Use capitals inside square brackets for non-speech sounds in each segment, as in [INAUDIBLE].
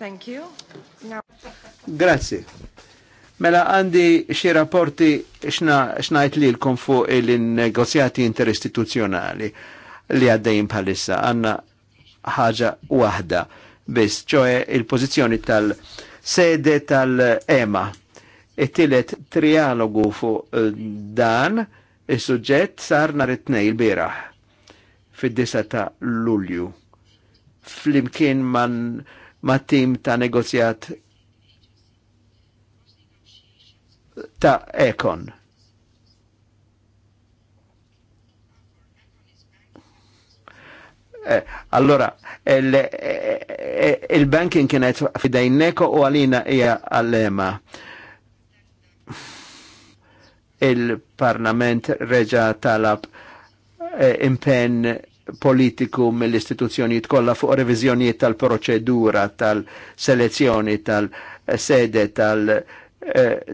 Thank you. Now... Grazie. Mela għandi xie rapporti xnajt li l-kom fuq il-negozjati interistituzjonali li għaddejn bħalissa għanna ħaġa wahda biss, ċoħe il-pozizjoni tal-sede tal-EMA. It-tilet trialogu fuq eh, dan il-sujġett sar nar it-tnej il-biraħ fid-disa ta' Lulju. Flimkien man ma' tim ta' negozjat ta' Ekon. Eh, allora, il-banking il eh, kienet fidejneko u għalina hija għallema. Il-parlament reġa talab eh, impen politiku mill-istituzzjonijiet kollha fuq reviżjonijiet tal-proċedura tal-selezzjoni tal-sede tal- eh,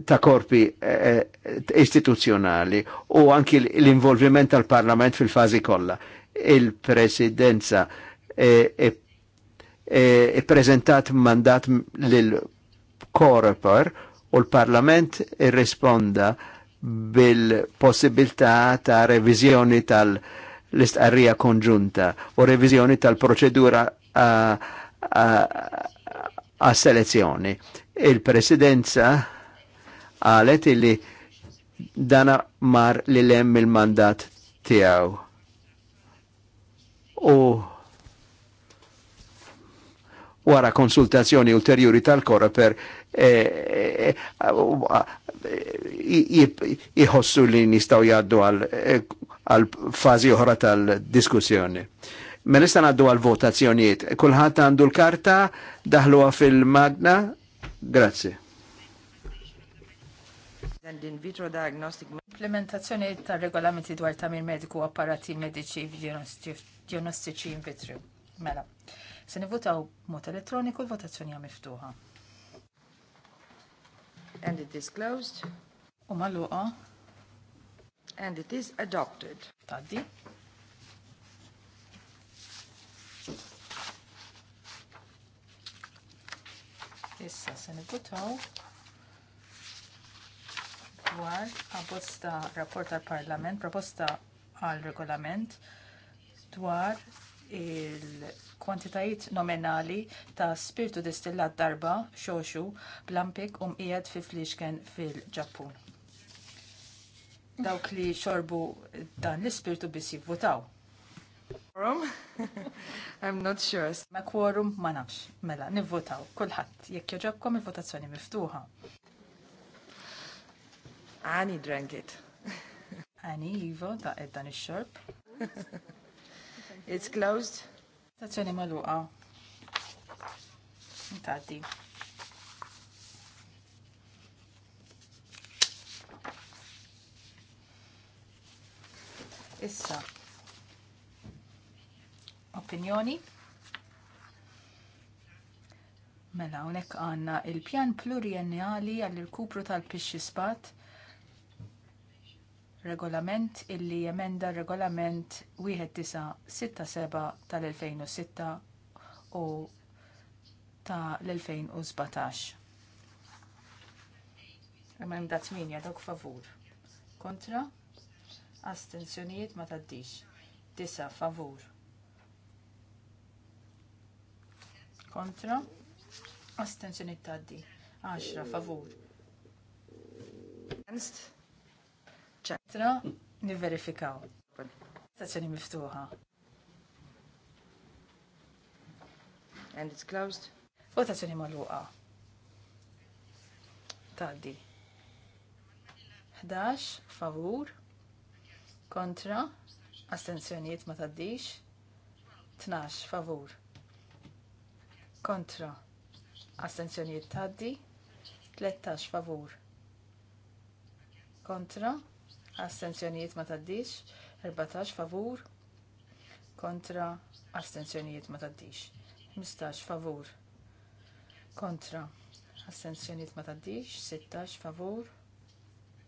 ta' korpi eh, istituzzjonali u anki l-involviment tal-Parlament fil-fazi kollha. Il-Presidenza eh, prezentat mandat lil korper u l-Parlament risponda bil-possibilità ta' revizjoni tal-, -tal l-istqarrija konġunta u revizjoni tal-proċedura għas selezzjoni. Il-presidenza għalet illi dana mar li lem il-mandat tijaw. U wara konsultazzjoni ulterjuri tal-kora per jħossu e, e, e, li nistaw jaddu għal għal fazi oħra tal-diskussjoni. Menista mela għaddu għal votazzjonijiet. Kulħadd għandu l-karta daħluha fil-magna. Grazzi. Implementazzjoni ta' regolamenti dwar ta' mir mediku apparati medici diagnostici in vitro. Mela. Se nivutaw mod elettroniku l-votazzjoni hija miftuħa. And it is closed. U maluqa and it is adopted. Taddi. Issa se nivutaw dwar apposta rapport tal-Parlament, proposta għal regolament dwar il-kwantitajiet nominali ta' spiritu distillat darba xoxu blampik um ijed fi Flixken fil-Ġappun dawk li xorbu dan l-ispirtu biss jivvotaw. Quorum? [LAUGHS] I'm not sure. Ma quorum ma nafx, mela, nivvotaw, kulħadd jekk joġobkom il-votazzjoni miftuħa. Ani drank it. Ani Ivo ta' dan ix-xorb. It's closed. Stazzjoni maluqa. Taddi. Issa. Opinjoni. Mela, unek għanna il-pjan pluriennali għall-irkupru tal-pixxi spat regolament illi jemenda regolament 1967 tal-2006 u tal 2017 Emenda minja dok favur. Kontra? astenzjonijiet ma taddix. Disa favur. Kontra. Astenzjonijiet taddi. 10 favur. Against. Ċetra. Niverifikaw. Stazzjoni miftuħa. And it's closed. Votazzjoni maluqa. Taddi. 11 favur kontra, astenzjonijiet ma taddix, 12 favur, kontra, astenzjonijiet taddi, 13 favur, kontra, astenzjonijiet ma taddix, 14 favur, kontra, astenzjonijiet ma taddix, 15 favur, kontra, astenzjonijiet ma taddix, 16 favur,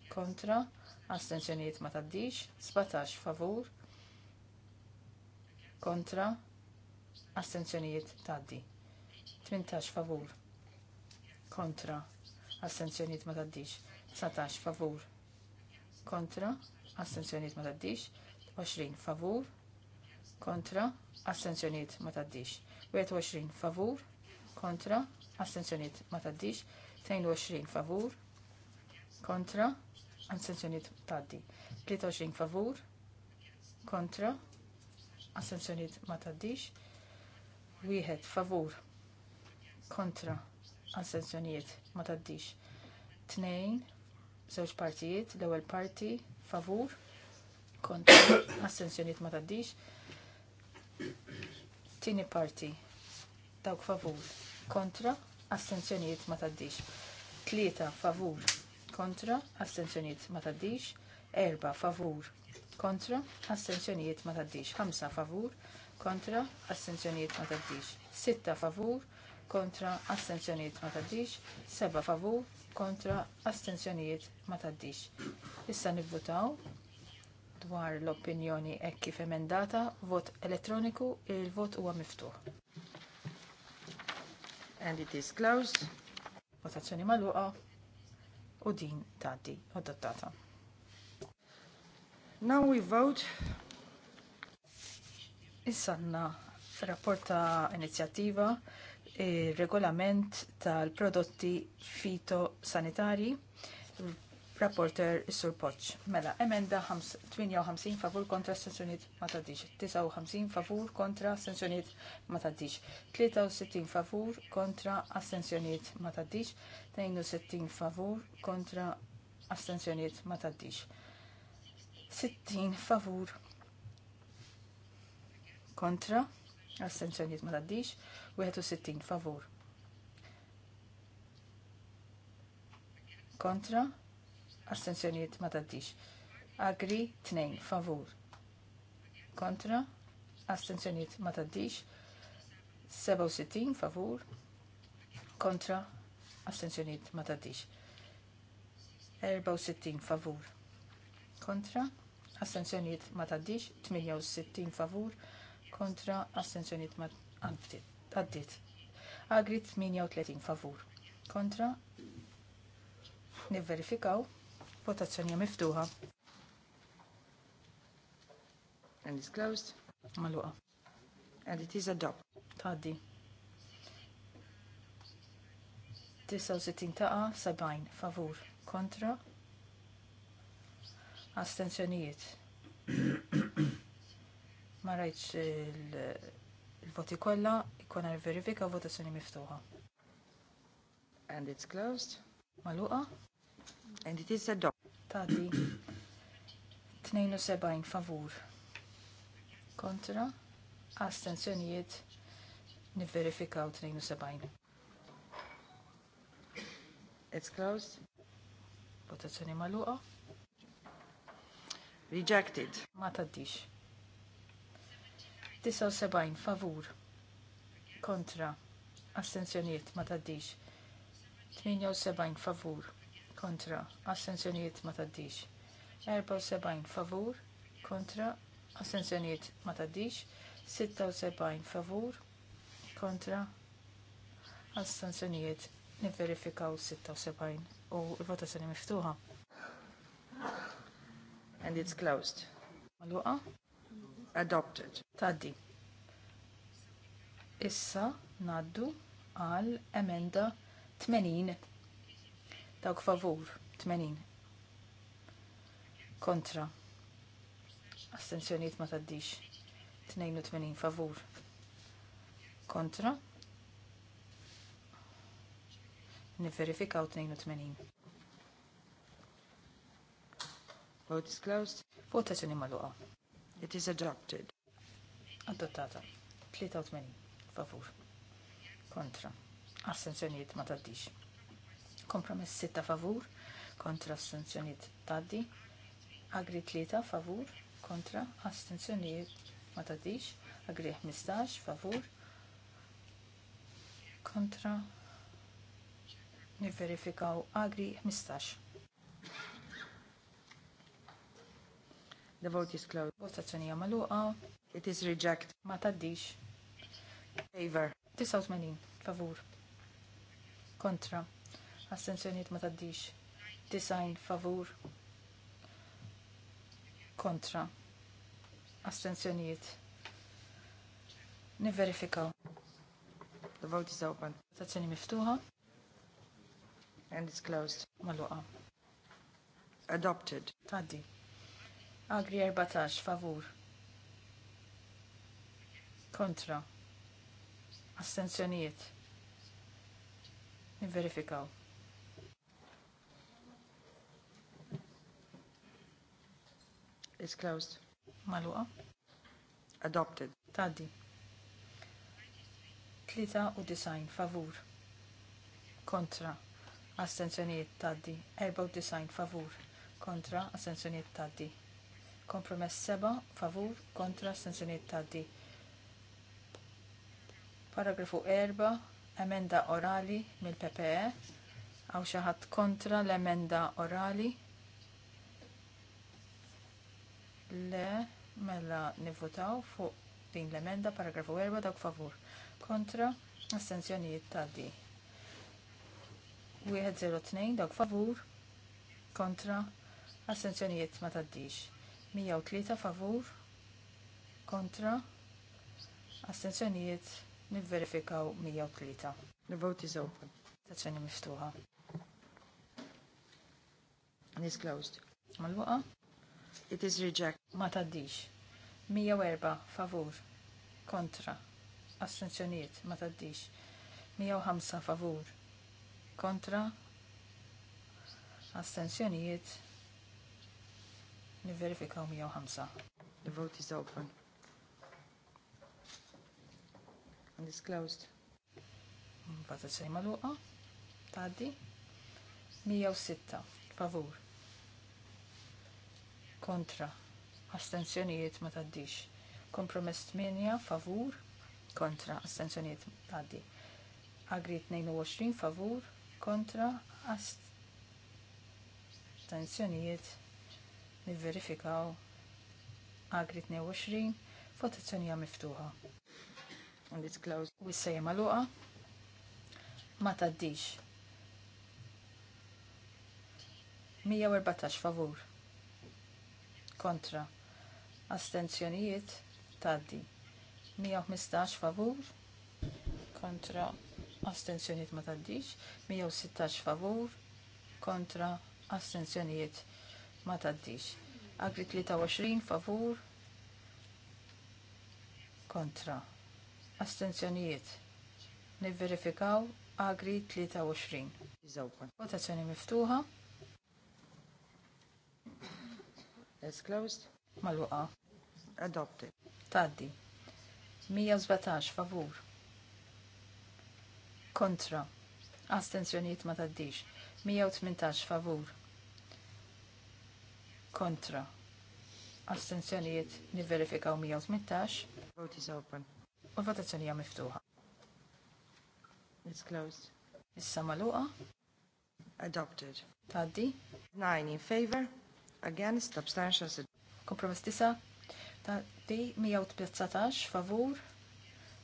kontra, astenzjoniet ma taddix, 17 favur, kontra, astenzjoniet taddi, 18 favur, kontra, astenzjoniet ma taddix, 19 favur, kontra, astenzjoniet ma taddix, 20 favur, kontra, astenzjoniet ma taddix, 21 favur, kontra, astenzjoniet ma taddix, 22 favur, kontra, astenzjoniet taddi. 23 favur, kontra, assenzjoni ma taddix. Wieħed favur, kontra, assenzjoni ma taddix. Tnejn, żewġ partijiet, l-ewwel parti favur, kontra, [COUGHS] assenzjoni ma taddix. Tini parti, dawk favur, kontra, assenzjoni ma taddix. Tlieta favur, kontra, astenzjoniet ma taddix, erba favur, kontra, astenzjoniet ma taddix, ħamsa favur, kontra, astenzjoniet ma taddix, sitta favur, kontra, astenzjoniet ma taddix, seba favur, kontra, astenzjoniet ma taddix. Issa nivvotaw dwar l-opinjoni hekk kif emendata, vot elettroniku, il-vot huwa miftuħ. And it is closed. Votazzjoni maluqa u din u adottata. Now we vote. Issanna rapport ta' inizjattiva regolament tal-prodotti fitosanitari. sanitari Rapporter Sur Poċ. Mela, emenda 58 favur kontra sanzjoniet ma tadix. 59 favur kontra sanzjoniet ma tadix. 63 favur kontra assenzjoniet ma tadix. 62 favur kontra astenzjoniet ma tadix. 60 favur kontra astenzjoniet ma tadix. 61 favur kontra astensjonijiet ma taddix. Agri tnejn favur kontra astensjonijiet ma taddix. sittin favur kontra astensjonijiet ma taddix. sittin favur kontra astensjonijiet ma taddix. sittin favur kontra astensjonijiet ma għaddit. Agri 38 favur kontra nivverifikaw Votazzjoni miftuħa. And it's closed. Maluqa. And it is adopt. Taddi. 69 taqa, 70 favur, kontra, astenzjonijiet. [COUGHS] Ma rajtx il-voti kolla, kollha, ikkun verifika votazzjoni miftuħa. And it's closed. Maluqa. And it is adopt tadi 72 favur kontra astenzjonijiet nivverifikaw 72. It's closed. Votazzjoni maluqa. Rejected. Ma taddix. 79 favur kontra astenzjonijiet ma taddix. 78 favur kontra assenzjonijiet ma taddix. 74 favur kontra assenzjonijiet ma taddix. 76 favur kontra assenzjonijiet niverifikaw 76 u l-votazzjoni miftuħa. And it's closed. Maluqa? Adopted. Taddi. Issa naddu għal emenda 80 Dawk favur, 80. Kontra. Astenzjoniet ma taddix. 82 favur. Kontra. Niverifikaw 82. Vote is closed. Votazzjoni maluqa. It is adopted. Adottata. 83 favur. Kontra. Astenzjoniet ma taddix kompromiss 6 favur kontra astenzjoniet taddi. Agri 3 favur kontra astenzjoniet ma taddix. Agri 15 favur kontra niverifikaw agri 15. The vote is closed. Votazzjoni jamaluqa. It is reject. Ma taddix. Favor. 89. Favur. Kontra. Assenzjoniet ma taddix. Design favur. Kontra. Astenzjoniet. Niverifikaw. The vote is open. Votazzjoni miftuħa. And it's closed. Maluqa. Adopted. Taddi. Agri 14, favur. Kontra. Astenzjoniet. Niverifikaw. is closed. Maluqa. Adopted. Taddi. Tlita u design favur. Kontra. Astenzjoniet. taddi. Erba u design favur. Kontra. Astenzjoniet. taddi. Kompromess seba favur. Kontra. Astenzjonijiet taddi. Paragrafu erba. Emenda orali mill-PPE. Għaw xaħat kontra l-emenda orali. Le, mela nivvotaw fuq din l-emenda paragrafu 4 dawk favur. Kontra, astenzjonijiet taddi. 102 dawk favur. Kontra, astenzjonijiet ma taddix. 103 favur. Kontra, astenzjonijiet nivverifikaw 103. Nivvoti vote is open. miftuħa. Nisklawst. is closed. mal It is reject. Ma taddix. 104 favur kontra. Astenzjoniet ma taddix. 105 favur kontra. Astenzjoniet. Niverifikaw 105. The vote is open. And it's closed. Bata sejma luqa. Taddi. 106 favur kontra astenzjonijiet ma taddix. Kompromess 8 favur kontra astensjonijiet taddi. Agrit 22 favur kontra astensjonijiet nivverifikaw Agrit 22 votazzjonija miftuħa. And it's closed. U s-sejja maluqa ma taddix. 114 favur kontra astenzjonijiet taddi 115 favur kontra astenzjonijiet ma taddix 116 favur kontra astenzjonijiet ma taddix agri 23 favur kontra astenzjonijiet nivverifikaw agri 23 votazzjoni miftuħa Is closed. Maluqa. Adopted. Taddi. 117 favur. Kontra. Astenzjoniet ma taddix. 118 favur. Kontra. Astenzjoniet niverifikaw 118. Vote is open. U votazzjoni hija miftuħa. It's closed. Issa maluqa. Adopted. Taddi. 9 in favor against abstentions kompromess disa taddi 119 favur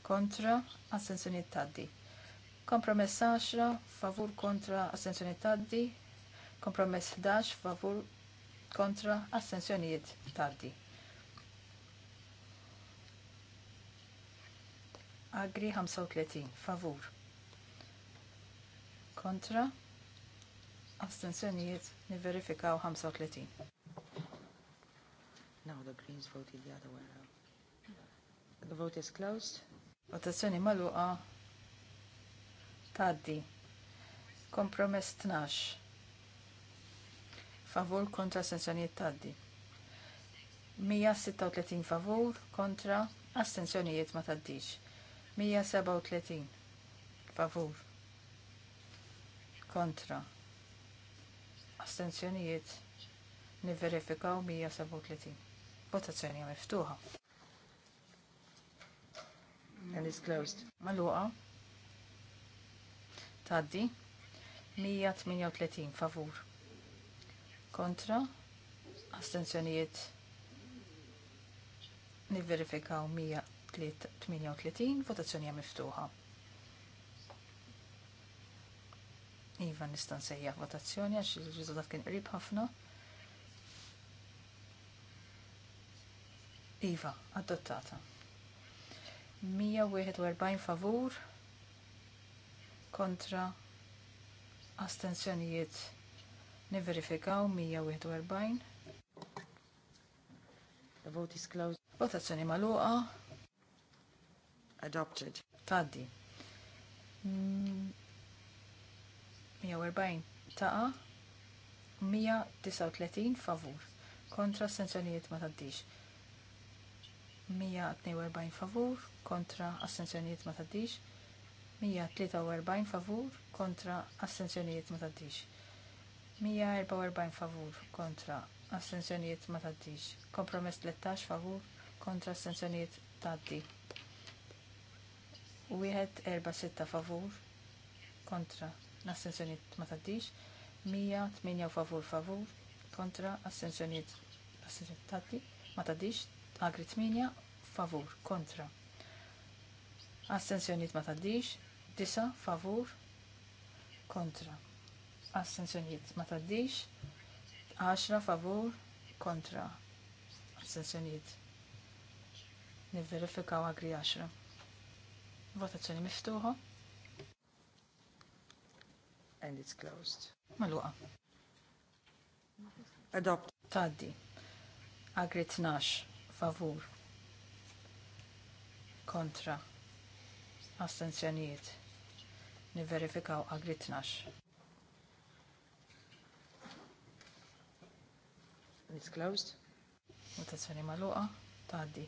kontra assenzjoniet taddi kompromess 10 favur kontra assenzjoniet taddi kompromess 11 favur kontra assenzjoniet taddi Agri 35 favur kontra Astenzjonijiet niverifikaw 35. Now the Greens voted the other way around. The vote is closed. Votazzjoni maluqa taddi. Kompromess 12. Favur kontra astenzjonijiet taddi. 136 favur kontra astenzjonijiet ma taddix. 137 favur kontra astenzjonijiet niverifikaw 137. Votazzjoni miftuħa. And it's closed. Maluqa. Taddi. 138 favur. Kontra. Astenzjonijiet. Niverifikaw 138. Votazzjoni miftuħa. Iva nistan sejja votazzjoni għax il-riżultat kien qrib ħafna. Iva, adottata. 141 favur kontra astensjonijiet niverifikaw 141. The vote is closed. Votazzjoni maluqa. Adopted. Taddi. Mm 140 taqa 139 favur kontra assenzjonijiet ma taddix 142 favur kontra assenzjonijiet ma taddix 143 favur kontra assenzjonijiet ma taddix 144 favur kontra assenzjonijiet ma taddix kompromess 13 favur kontra assenzjonijiet taddi Wieħed erba' sitta favur kontra assenzjoniet ma taddix, 108 favur favur kontra assenzjoniet assenzjoniet taddi, ma taddix, agri 8 favur kontra. Assenzjoniet ma taddix, 9 favur kontra. Assenzjoniet ma taddix, 10 favur kontra. Assenzjoniet. Nivverifikaw agri 10. Votazzjoni miftuħa and it's closed. Maluqa. Adopt. Taddi. Agri t-nash. Favur. Kontra. Astenzjonijiet. Niverifikaw agri 12. It's closed. Mutazzjoni maluqa. Taddi.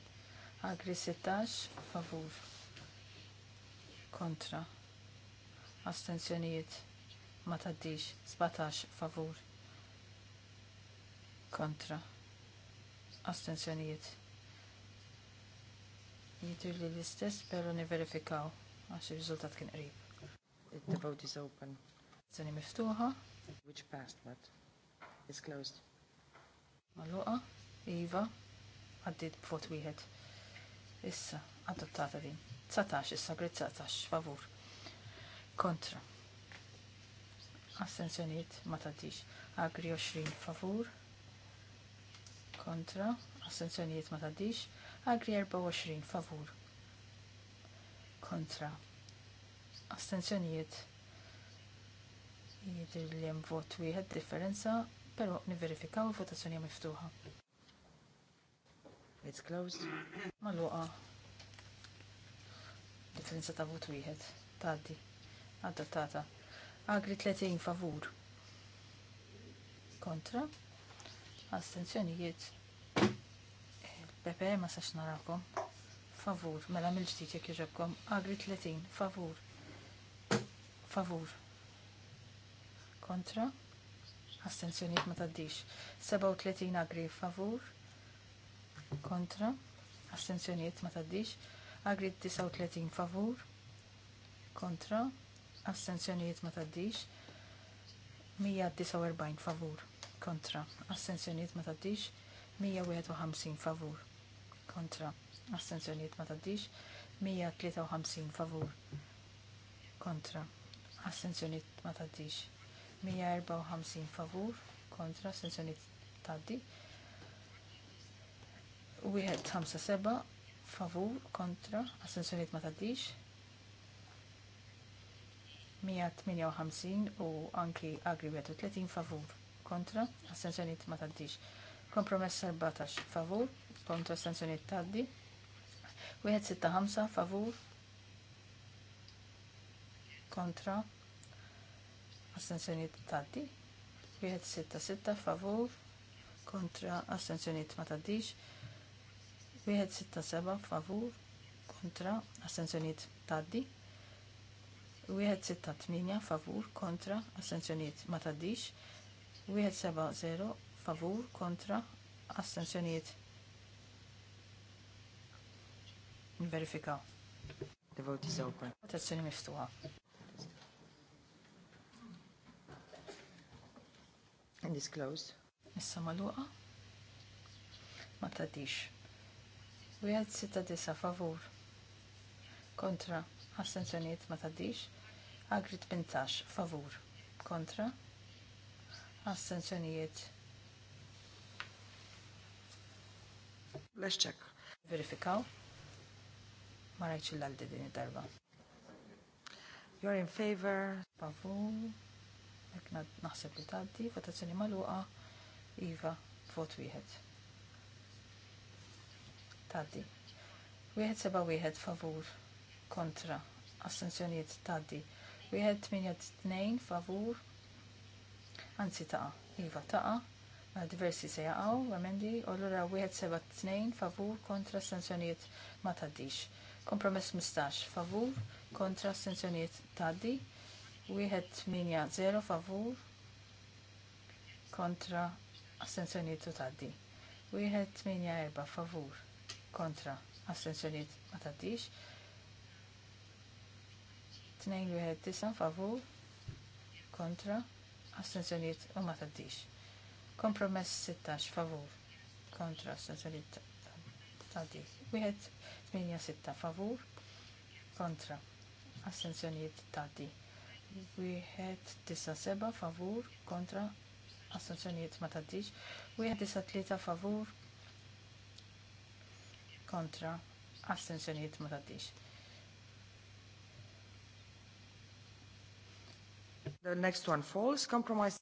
Agri sitax Favur. Kontra. Astenzjonijiet ma taddix 17 favur kontra astenzjonijiet Jitur li l-istess pero niverifikaw għax il-rizultat kien qrib. The vote is open. Zani miftuħa. Which passed but is closed. Maluqa, Iva, għaddit b'vot wieħed. Issa, adottata din. 19, issa grid 19, favur. Kontra. Astenzjoniet ma taddix. Agri 20 favur kontra Astenzjoniet ma taddix. Agri 24 favur kontra Astenzjoniet. jidir li jem vot wieħed differenza, pero niverifikaw il-votazzjoni miftuħa. It's closed. Maluqa. Differenza ta' vot wieħed. Taddi. Adottata. Agri 30 favur. Kontra. Astenzjonijiet. Pepe ma sax narakom. Favur. Mela mil ġdid jekk jġobkom. Agri 30 favur. Favur. Kontra. Astenzjonijiet ma taddix. 37 agri favur. Kontra. Astenzjonijiet ma taddix. Agri 39 favur. Kontra assenzjonijiet ma taddix 149 favur kontra assenzjonijiet ma taddix 151 favur kontra assenzjonijiet ma taddix 153 favur kontra assenzjonijiet ma taddix 154 favur kontra assenzjonijiet taddi 157 favur kontra assenzjonijiet ma taddix 158 u anki agri 30 favur kontra astensjoniet ma taddix. Kompromess 14 favur kontra astensjoniet taddi. 165 favur kontra astensjoniet taddi. 166 favur kontra astensjoniet ma taddix. 167 favur kontra astensjoniet taddi. Wieħed sitta tminja favur kontra astenzjonijiet ma taddix. Wieħed seba' zero favur kontra astenzjonijiet. Verifika. The vote is open. Votazzjoni miftuħa. And is closed. Issa maluqa. Ma taddix. Wieħed sitta disa favur kontra astenzjonijiet ma taddix. Agri 18 favur kontra assenzjonijiet. Let's check. Verifikaw. Ma rajċ l-għaldi din darba. You're in favor. Favur. Ek naħseb li taddi. Votazzjoni maluqa. Iva. Vot wieħed. Taddi. Wieħed seba wieħed favur. Kontra. Assenzjonijiet taddi. Wieħed tnejn favur anzi taqa, iva taqa, diversi se jaqaw, emendi, u allura wieħed seba' tnejn favur kontra sanzjonijiet ma taddix. Kompromess mistax favur kontra sanzjonijiet taddi, wieħed zero favur kontra astensjoniet u taddi. Wieħed erba favur kontra astensjoniet ma taddix, Tnejn wieħed disa' favur kontra astenzjoniet u ma taddix. Kompromess 16 favur kontra astenzjoniet taddi. 8-6 favur kontra astenzjoniet taddi. 9-7 favur kontra astenzjoniet ma taddix. 9-3 favur kontra astenzjoniet ma taddix. The next one falls. Compromise.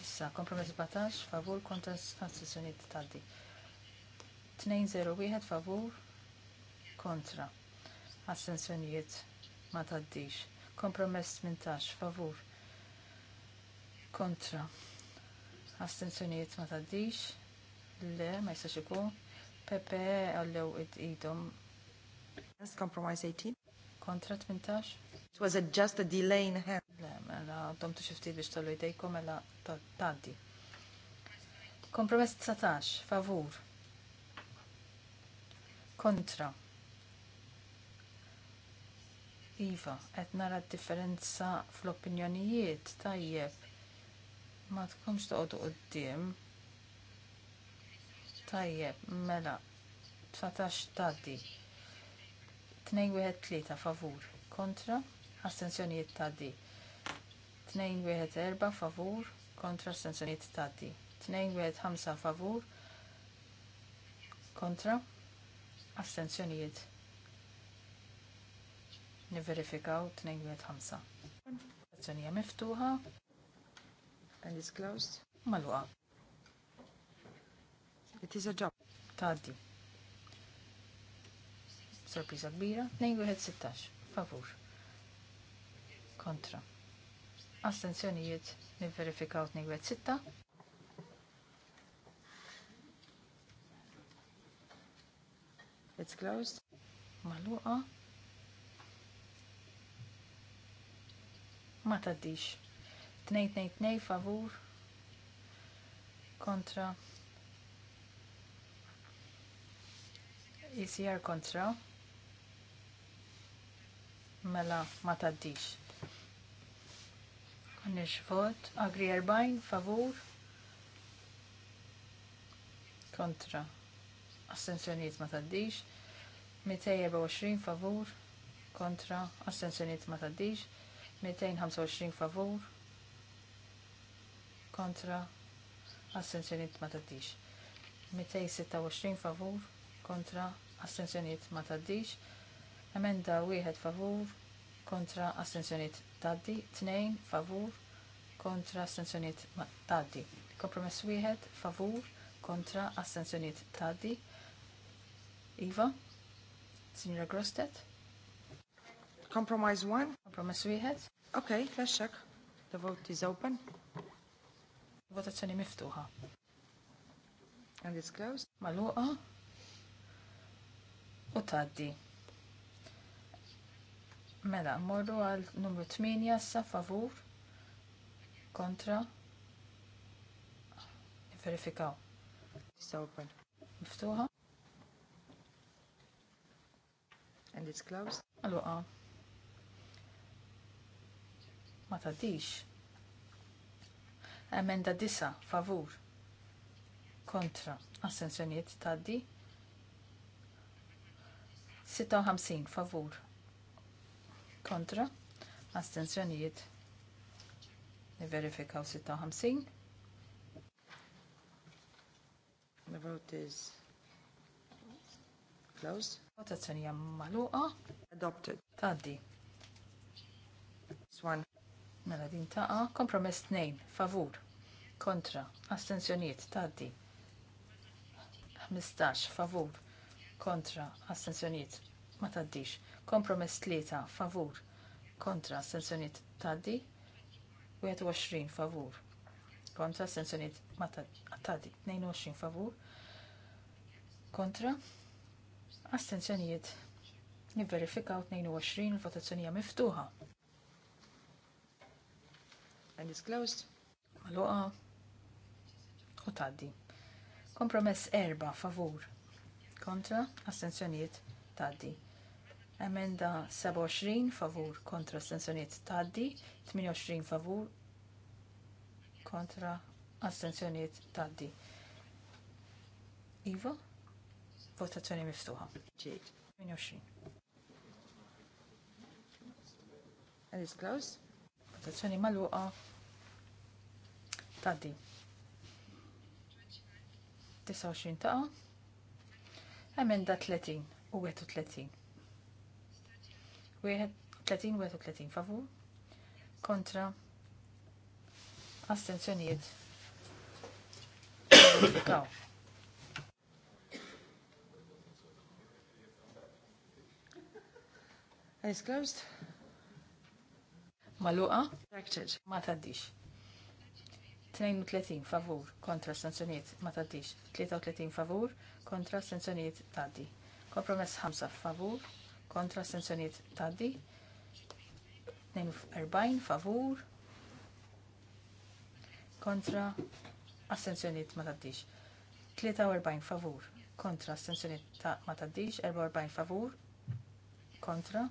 Issa, kompromess 17, favur kontra stazzjoniet zero 201 favur kontra. Astensjonijiet ma taddix. Kompromess 18, favur kontra. Astensjonijiet ma taddix. Le, ma jistax Pepe għallew id-idom. Compromise 18. Kontra 18. It was a just a delay in hand għandhom t biex tal jdejkom mela tanti. Kompromess 19, favur. Kontra. Iva, għet nara differenza fl-opinjonijiet tajjeb. Ma tkomx toqgħodu quddiem. Tajjeb, mela 19 tadi. 2 3 favur. Kontra astensjonijiet ta' 2-1-4 favur kontra astensjoniet tati. 2-1-5 favur kontra astensjoniet. Niverifikaw 2-1-5. Azzjonija miftuħa. And it's closed. Maluqa. It is a job. Tati. Sorpisa kbira. 2-1-16. Favur. Kontra. Astenzjonijiet nivverifikaw t sitta. It's closed. Maluqa. Ma taddix. Tnejt, nejt, nej, favur. Kontra. ECR kontra. Mela, ma taddix. Għannex vot. Agri 40 favur. Kontra. Assenzjoniet ma taddix. 224 favur. Kontra. Assenzjoniet ma taddix. 225 favur. Kontra. Assenzjoniet ma taddix. 226 favur. Kontra. Assenzjoniet ma taddix. Emenda wieħed favur kontra astenzjoniet taddi, tnejn favur kontra astenzjoniet taddi. Kompromess wieħed favur kontra astenzjoniet taddi. Iva, Signora Grostet. Compromise one. Compromise wieħed. Okay, let's check. The vote is open. Votazzjoni miftuħa. And it's closed. Maluqa. U taddi. Mela, morru għal numru 8 sa favur kontra verifikaw. Open. Miftuħa. And it's closed. Alluqa. Ma tadix. Emenda disa, favur. Kontra. Assenzjoniet taddi. 56, favur kontra astenzjonijiet niverifikaw 56 The vote is closed. Votazzjoni hija magħluqa. Adopted. Taddi. Swan. Mela din taqa. Kompromess tnejn. Favur. Kontra. Astenzjonijiet. Taddi. 15. Favur. Kontra. Astenzjonijiet. Ma taddix. Kompromess 3 favur kontra astensjoniet taddi. 20 favur kontra astensjoniet ma taddi. 22 favur kontra astensjoniet Nivverifikaw 22 votazzjonija miftuħa. And is closed. Maluqa. U taddi. Kompromess erba favur. Kontra, astenzjonijiet taddi. Emenda 27 favur kontra astensjoniet taddi, 28 favur kontra astensjoniet taddi. Iva, votazzjoni miftuħa. 28. And it's Votazzjoni maluqa taddi. 29 taqa. Emenda 30 u tletin. 31 favur kontra astenzjonijiet. Verifikaw. Eyes closed. Maluqa? Rejected. Ma taddix. 32 favur kontra sanzjoniet ma taddix. 33 favur kontra sanzjoniet taddi. Kompromess 5 favur kontra astensjoniet taddi 42 favur kontra astensjoniet ma taddix 43 favur kontra ta' ma taddix 44 favur kontra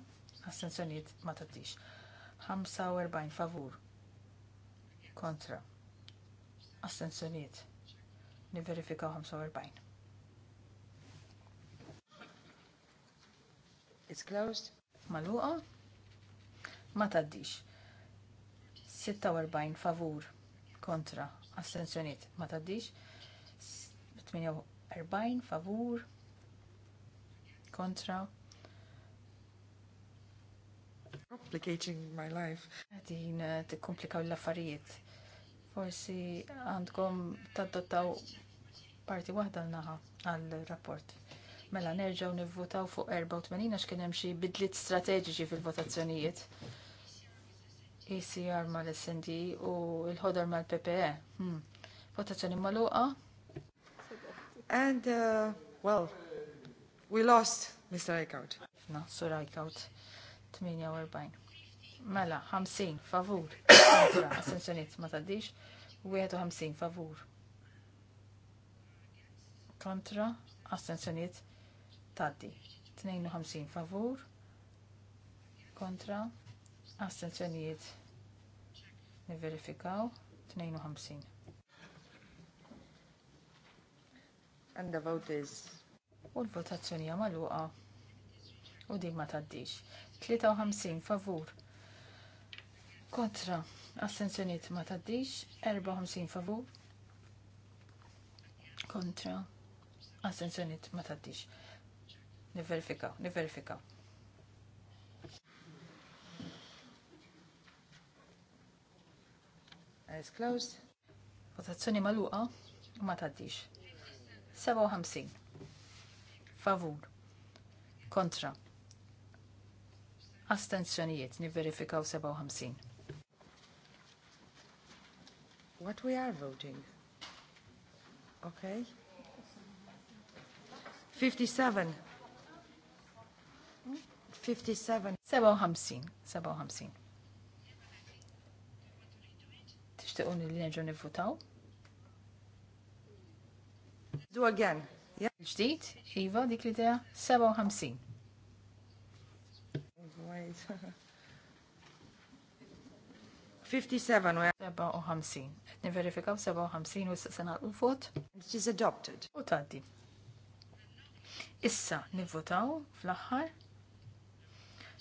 astensjoniet ma taddix 45 favur kontra astensjoniet Niverifika 45 It's closed. Maluqa. Ma taddix. 46 favur kontra astenzjoniet ma taddix. 48 favur kontra complicating my life. Għadin eh, t-komplikaw l-affarijiet. Forsi għandkom taddottaw parti wahda l-naħa għal-rapport. Mela nerġaw nivvotaw fuq 84 għax kien hemm xi bidliet strateġiċi fil-votazzjonijiet. ECR mal-SND u l-ħodar mal-PPE. Hmm. Votazzjoni maluqa. And, uh, well, we lost Mr. Eichhout. No, Sir Eichhout, 48. Mela, 50, favur. Sensjoniet, [COUGHS] ma taddix. 51, favur. Kontra, assenzjoniet taddi. 52 favur kontra astenzjonijiet niverifikaw 52. And the vote is U l-votazzjoni hija magħluqa u dik ma taddix. 53 favur kontra astenzjonijiet ma taddix, 54 favur kontra astenzjonijiet ma taddix. Niverifika, niverifika. Eyes closed. Votazzjoni maluqa u ma taddix. 57. Favur. Kontra. Astenzjonijiet niverifikaw 57. What we are voting? Okay. 57. 57. 57. Tixtiqu li nerġgħu Do again. Ġdid, Iva, dik li teha 57. Wait. 57 [LAUGHS] u 57. u s-sena vot It is adopted. U taddi. Issa nivvotaw fl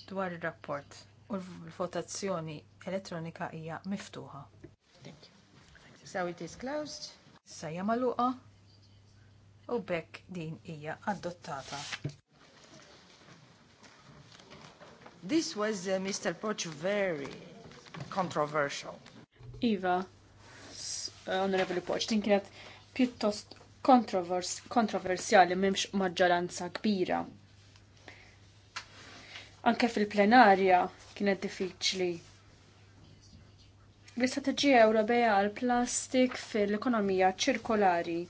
dwar ir-rapport u l-votazzjoni elettronika hija miftuħa. Thank you. So it is closed. Sejja magħluqa u bekk din hija adottata. This was uh, Mr. Poch very controversial. Iva, Honorable uh, Poch, din kienet pjuttost kontrovers kontroversjali m'hemmx maġġoranza kbira Anke fil-plenarja kienet diffiċli. L-istrateġija Ewropea għal plastik fil-ekonomija ċirkolari.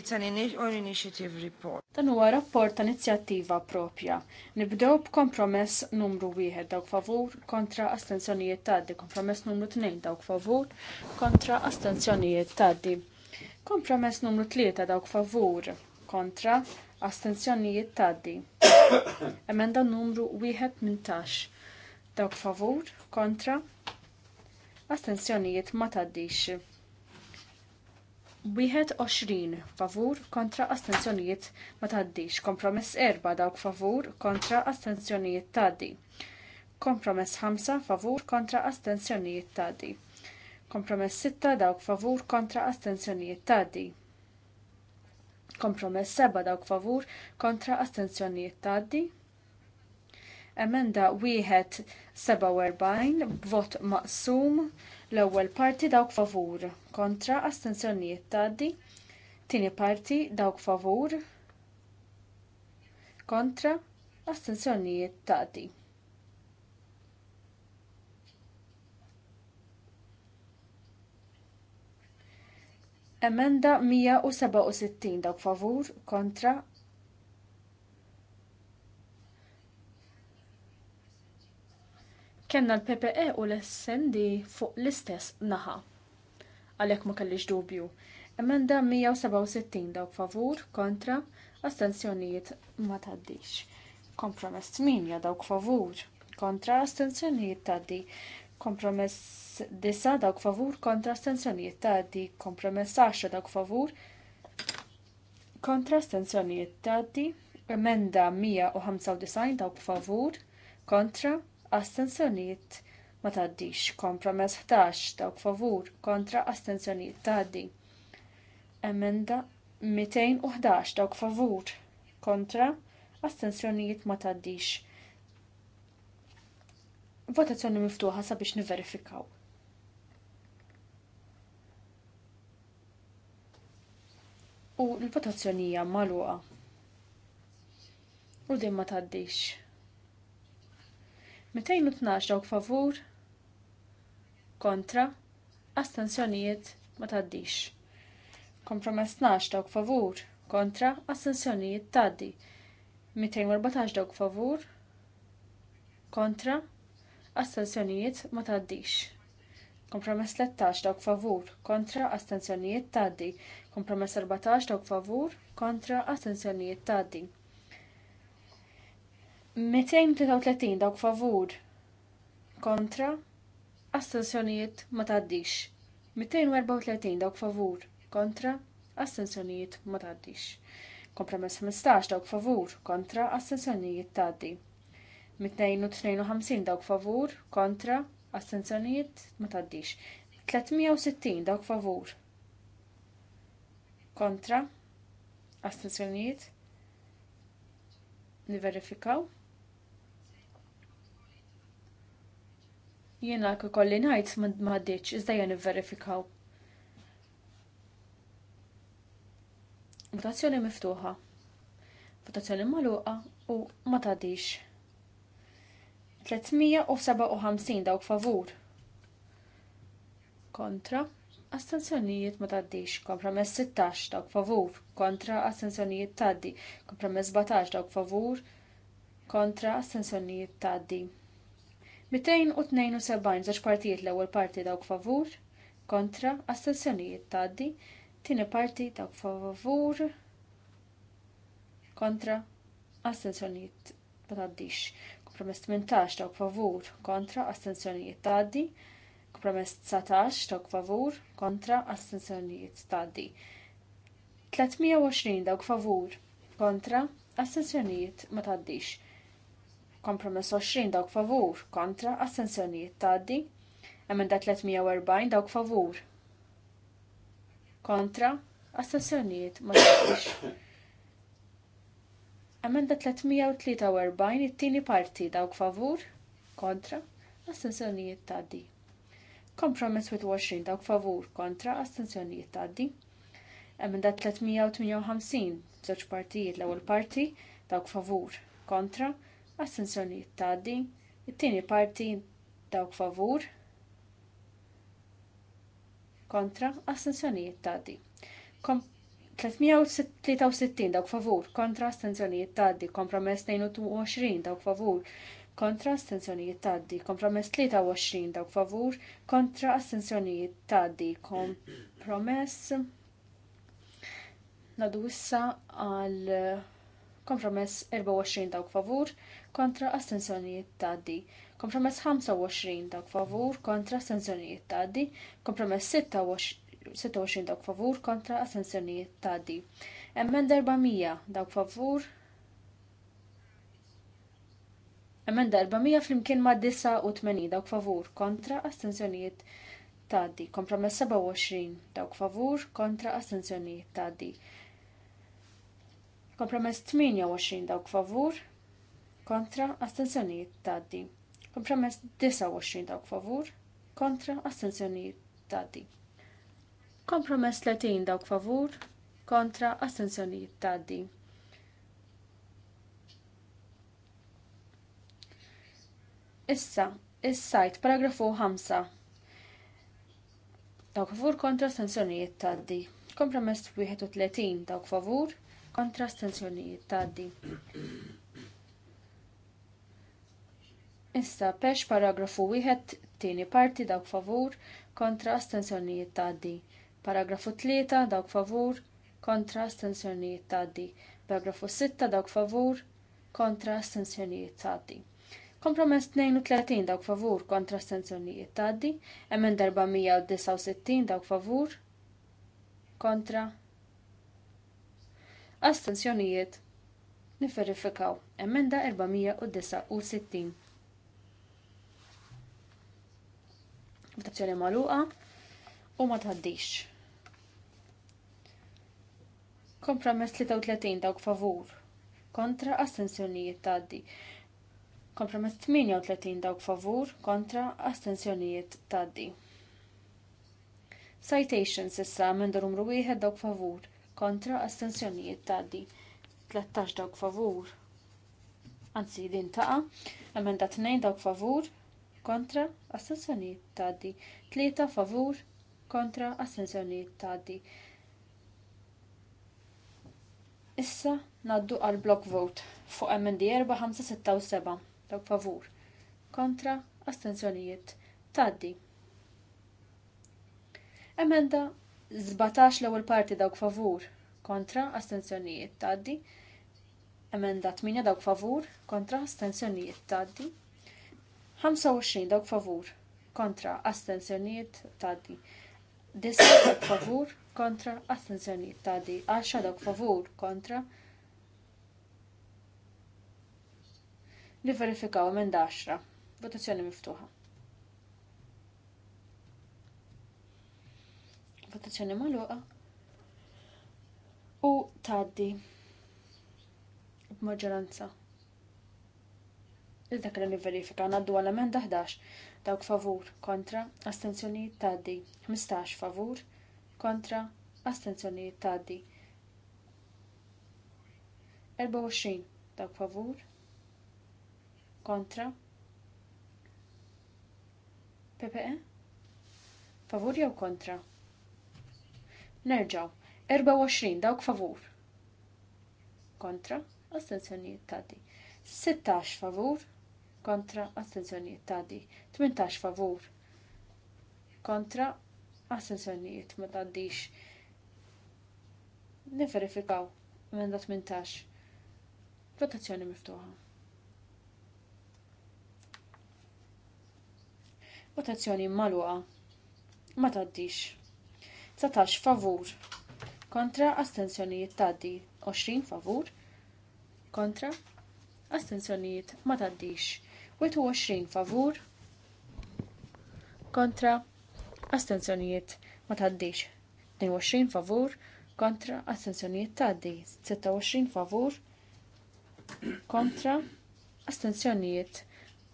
It's an initiative report. Dan huwa rapport ta' inizjattiva propja. Nibdew b'kompromess numru 1 dawk favur kontra astenzjonijiet tgħaddi, kompromess numru 2 dawk favur kontra astenzjonijiet tgħaddi. Kompromess numru 3 dawk favur kontra astenzjonijiet taddi. Emenda numru 18 dawk favur kontra astenzjonijiet ma taddix. 21 favur kontra astenzjonijiet ma taddix. Kompromess 4 dawk favur kontra astenzjonijiet taddi. Kompromess 5 favur kontra astenzjonijiet taddi. Kompromess 6 dawk favur kontra astenzjonijiet taddi. Kompromess seba dawk favur kontra astenzjonijiet tgħaddi. Emenda wieħed 47 b'vot maqsum l-ewwel parti dawk favur kontra astenzjonijiet tgħaddi. Tieni parti dawk favur kontra astenzjonijiet tgħaddi. Emenda 167 dawk favur kontra Kenna l-PPE u l-SND fuq l-istess naħa. Għalek ma kellix dubju. Emenda 167 dawk favur kontra astenzjonijiet ma taddix. Kompromess 8 dawk favur kontra astenzjonijiet taddi. Kompromess disa dawk favur kontra stenzjonijiet taddi. Kompromess 10 dawk favur kontra stenzjonijiet di Emenda 195 dawk favur kontra astenzjonijiet ma taddix. Kompromess 11 dawk favur kontra astenzjonijiet taddi. Emenda 211 dawk favur kontra astenzjonijiet ma taddix votazzjoni miftuħa sabiex niverifikaw. u l-votazzjonija maluqa. U din ma taddix. 212 dawk favur, kontra, astensjonijiet ma taddix. Kompromess 12 dawk favur, kontra, astensjonijiet taddi. 214 dawk favur, kontra, astensjonijiet ma taddix. Kompromess 13 dawk favur kontra astenzjonijiet tgħaddi. Kompromess 14 dawk favur kontra astenzjonijiet tgħaddi. 233 dawk favur kontra astenzjonijiet ma tgħaddix. 234 dawk favur kontra astenzjonijiet ma tgħaddix. Kompromess 15 dawk favur kontra astenzjonijiet tgħaddi. 252 dawk favur kontra Astenzjonijiet ma taddix. 360 dawk favur. Kontra. Astenzjonijiet. Niverifikaw. Jiena kolli najt ma taddix, iżda jien niverifikaw. Votazzjoni miftuħa. Votazzjoni magħluqa u ma taddix. 357 dawk favur. Kontra. Astenzjonijiet ma taddix. Kompromess 16 dawk favur. Kontra astenzjonijiet taddi. Kompromess 17 dawk favur. Kontra astenzjonijiet taddi. 272 zaċ partijiet l-ewwel parti dawk favur. Kontra astenzjonijiet taddi. Tieni parti dawk favur. Kontra astenzjonijiet ma taddix. Promess 18 dawk favur kontra astensjonijiet tgħaddi. Kompromess 19 dawk favur kontra astensjonijiet tgħaddi. 320 dawk favur kontra astensjonijiet ma tgħaddix. Kompromess 20 dawk favur kontra astensjonijiet tgħaddi. Emenda 340 dawk favur kontra astensjonijiet ma tgħaddix. Emenda 343 it-tieni parti dawk favur kontra astensjonijiet tgħaddi. Kompromess 20 dawk favur kontra astensjonijiet tgħaddi. Emenda 358 żewġ partijiet l-ewwel parti dawk favur kontra astensjonijiet tgħaddi. It-tieni parti dawk favur kontra astensjonijiet tgħaddi. Kom 363 dawk favur kontra astenzjonijiet taddi, kompromess 22 dawk favur kontra astenzjonijiet taddi, kompromess 23 dawk favur kontra astenzjonijiet taddi, kompromess nadu issa għal kompromess 24 dawk favur kontra astenzjonijiet taddi, kompromess 25 dawk favur kontra astenzjonijiet taddi, kompromess 26 26 dawk favur kontra ta' di. Emmen 400 dawk favur. Emmen 400 flimkien ma' 89 dawk favur kontra astensjonijiet tgħaddi. Kompromess 27 dawk favur kontra astensjonijiet tgħaddi. Kompromess 28 dawk favur kontra astensjonijiet tgħaddi. Kompromess 29 dawk favur kontra astensjonijiet taddi. Kompromess tletin dawk favur kontra astensjonijiet taddi. Issa, is-sajt paragrafu 5. Dawk favur kontra astensjonijiet taddi. Kompromess 31 dawk favur kontra astensjonijiet taddi. Issa, pex paragrafu wieħed tieni parti dawk favur kontra astensjonijiet taddi. Paragrafu 3 dawk favur kontra astensjonijiet tgħaddi. Paragrafu 6 dawk favur kontra astensjonijiet tgħaddi. Kompromess 32 dawk favur kontra astensjonijiet tgħaddi. Emend 469 dawk favur kontra astenzjonijiet niferifikaw emenda 469. Votazzjoni magħluqa u ma tħaddix. Kompromess 33 dawk favur kontra astensjonijiet taddi. Kompromess 38 dawk favur kontra astensjonijiet taddi. Citations issa minn numru wieħed dawk favur kontra astensjonijiet taddi. 13 dawk favur. Anzi din taqa. Emenda 2 dawk favur kontra astensjonijiet taddi. 3 favur kontra astensjonijiet taddi. Issa naddu għal block vote fuq MND 4567 6 Dawk favur. Kontra astenzjonijiet. Taddi. Emenda 17 l-ewwel parti dawk favur. Kontra astenzjonijiet. Taddi. Emenda 8 dawk favur. Kontra astenzjonijiet. Taddi. 25 dawk favur. Kontra astenzjonijiet. Taddi. 10 dawk favur kontra astenzjonijiet tgħaddi. għaxa dawk favur kontra li verifikaw minn 10. Votazzjoni miftuħa. Votazzjoni magħluqa. U tgħaddi b'maġġoranza. Il-dak li verifika naddu għal emenda 11 dawk favur kontra astenzjoni tgħaddi 15 favur kontra astenzjonijiet tgħaddi. 24 dawk favur kontra PPE eh? favur jew kontra Nerġaw 24 dawk favur kontra astenzjonijiet tgħaddi. 16 favur kontra astenzjonijiet tgħaddi. 18 favur kontra assenzjonijiet ma taddix. Niverifikaw emenda 18. Votazzjoni miftuħa. Votazzjoni maluqa. Ma taddix. 19 favur. Kontra astenzjonijiet taddi. 20 favur. Kontra astenzjonijiet ma taddix. 21 favur. Kontra astenzjonijiet ma taddix. 22 favur kontra astenzjonijiet taddi. 26 favur kontra astenzjonijiet